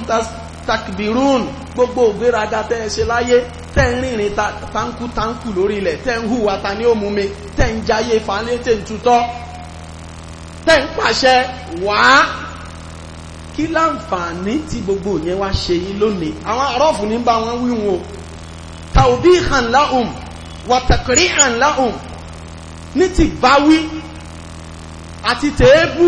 takbirun gbogbo ògbéraga tẹ́ ẹ ṣe láyé tẹ́ ń rìnrìn táǹkù táǹkù lórí ilẹ̀ tẹ́ ń hùwà ta ní òmùmi tẹ́ ń jayé fanẹ́tẹ̀ ń tutọ́ tẹ́ ń pàṣẹ wàá kí láǹfààní tí gbogbo yẹn wá ṣe yín lónìí àwọn àrọ́ọ̀fù ní bá wọn wíwọn o taubihan lahum wa takrihan lahum ní ti báwí àti tèébú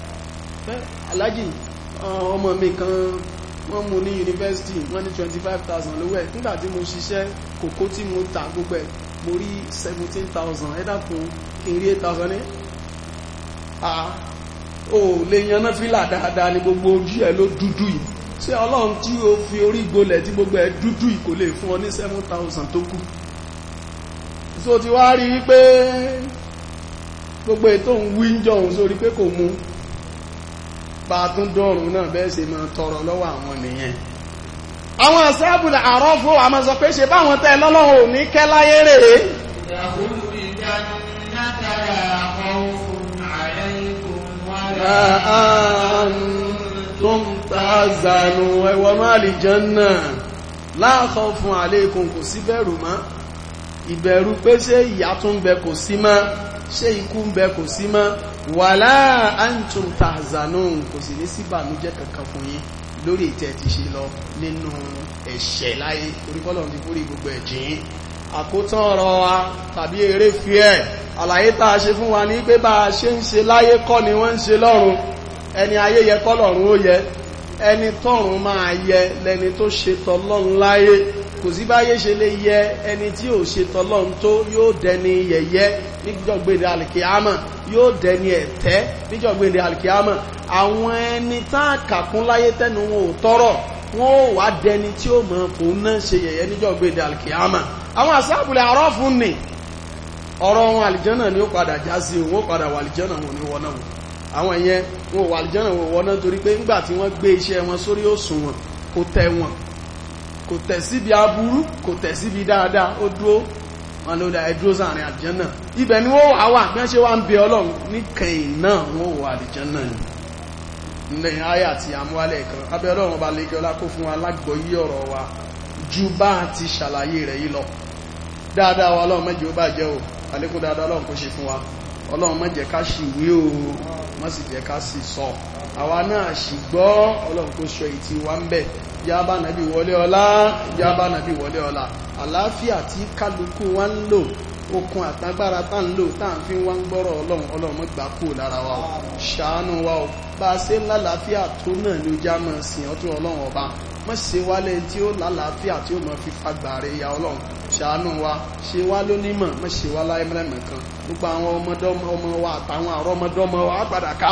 pé alájì ọmọ mi kan wọ́n mú ní yunifásitì wọ́n ní 25,000 lówó ẹ̀ nígbà tí mo ṣiṣẹ́ kòkó tí mo ta gbogbo ẹ̀ mo rí 17,000 ẹ dákun kí n rí 8,000 ní à ó lè yanná fílà dáadáa ní gbogbo ojú ẹ̀ ló dúdú yìí ṣé ọlọ́run tí ó fi orí gbolẹ̀ tí gbogbo ẹ̀ dúdú yìí kò lè fún ọ ní 7,000 tó kù so ti wá rí wípé gbogbo ètò ń wí ń jọun sórí pé kò mú bá a tún dọ̀rùn náà bẹ́ẹ̀ ṣe máa tọrọ lọ́wọ́ àwọn nìyẹn àwọn àṣàbùlà àrọ́fù àmọ́ pé ṣe báwọn tẹ́ lọ́lọ́run ò ní kẹ́ láyé rèé tún tààzànù ẹwọ máa ìbẹ̀rù pé ṣé ìyà bẹ kò sí mọ́ ṣé ikú ń bẹ kò sí mọ́ wàlá antum tahzanun kò sì ní sí ìbànújẹ́ kankan fún yín lórí ìtẹ́ ti ṣe lọ nínú ẹ̀ṣẹ̀ láyé oríkọ́lọ̀ ti gbogbo ẹ̀jìn àkótán ọ̀rọ̀ wa tàbí eré fi ẹ̀ àlàyé tá a ṣe fún wa ní pé bá a ṣe ń ṣe láyé kọ́ ni wọ́n ń ṣe eni ẹni ayé yẹ kọ́lọ̀run ó yẹ ẹni máa kò sí báyé ṣe lè yẹ ẹni tí ò ṣe tọ́lọ́run tó yóò dẹni yẹ̀yẹ́ níjọ̀gbèdè alìkíámà yóò dẹni ẹ̀tẹ́ níjọ̀gbèdè alìkíámà àwọn ẹni tá a kàkún láyé tẹ́nu wọn ò tọ́rọ̀ wọn ò wá dẹni tí ó mọ̀ kó náà ṣe yẹ̀yẹ́ níjọ̀gbèdè alìkíámà àwọn àsáàbùlẹ̀ àárọ̀ fún ni ọ̀rọ̀ wọn àlìjánà ni ó padà já sí wọn ó padà wà wọn ní wọn àwọn ìyẹn wọn wà àlìjánà wọn wọná torí pé ńgbà tí wọ́n gbé iṣẹ́ wọn sórí òṣùwọ̀n kò tẹ́ wọn kò tẹ̀ síbi aburú kò tẹ̀ síbi dáadáa ó dúró wọn ló dá ẹdúró sáàrin àlìjánà ibẹ̀ ni wọ́n wà wà bí wọ́n ṣe wá ń bẹ ọlọ́run níkẹyìn náà wọ́n wọ àlìjánà ni lẹ́yìn ayé àti àmúwálẹ̀ kan abẹ́ ọlọ́run ọba lẹ́gẹ́ ọlá kó fún wa lágbọ́yé ọ̀rọ̀ wa ju bá a ti ṣàlàyé rẹ̀ yìí lọ dáadáa wa ọlọ́run mẹ́jọ bá jẹ́ o àlékún dáadáa ọlọ́run kó ṣe fún wa ọlọ́run má ká sì wí o má sì jẹ́ ká sì sọ àwa náà sì gbọ́ ọlọ́run kó sọ èyí tí wa ń bẹ jábá nàbí wọlé ọlá jábá nàbí wọlé ọlá àlàáfíà tí kálukú wa ń lò okun àtagbára tá ń lò tá ń fi wá ń gbọ́rọ̀ ọlọ́run ọlọ́run gbà kú lára wa o ṣàánú wa o bá a ṣe ń lálàáfíà tó náà ni ó já mọ́ sìn ọ́ ọlọ́run ọba mọ́ ṣe wálé tí ó lálàáfíà tí ó mọ́ fi fagbà rẹ̀ ya ọlọ́run ṣàánú wa ṣe wá lónímọ̀ mọ́ ṣe wá láìmọ́lẹ́mọ̀ kan gbogbo àwọn ọmọdọ́mọ wa àtàwọn àrọ́mọdọ́mọ wa á padà ká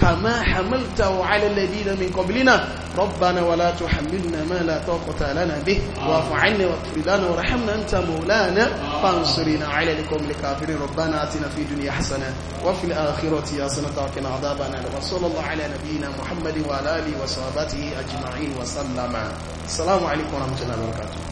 كما حملته على الذين من قبلنا ربنا ولا تحملنا ما لا طاقة لنا به واعف عنا واغفر لنا وارحمنا أنت مولانا فانصرنا على القوم الكافرين ربنا آتنا في الدنيا حسنة وفي الآخرة حسنة وقنا عذاب النار وصلى الله على نبينا محمد وعلى آله وصحبه أجمعين وسلم السلام عليكم ورحمة الله وبركاته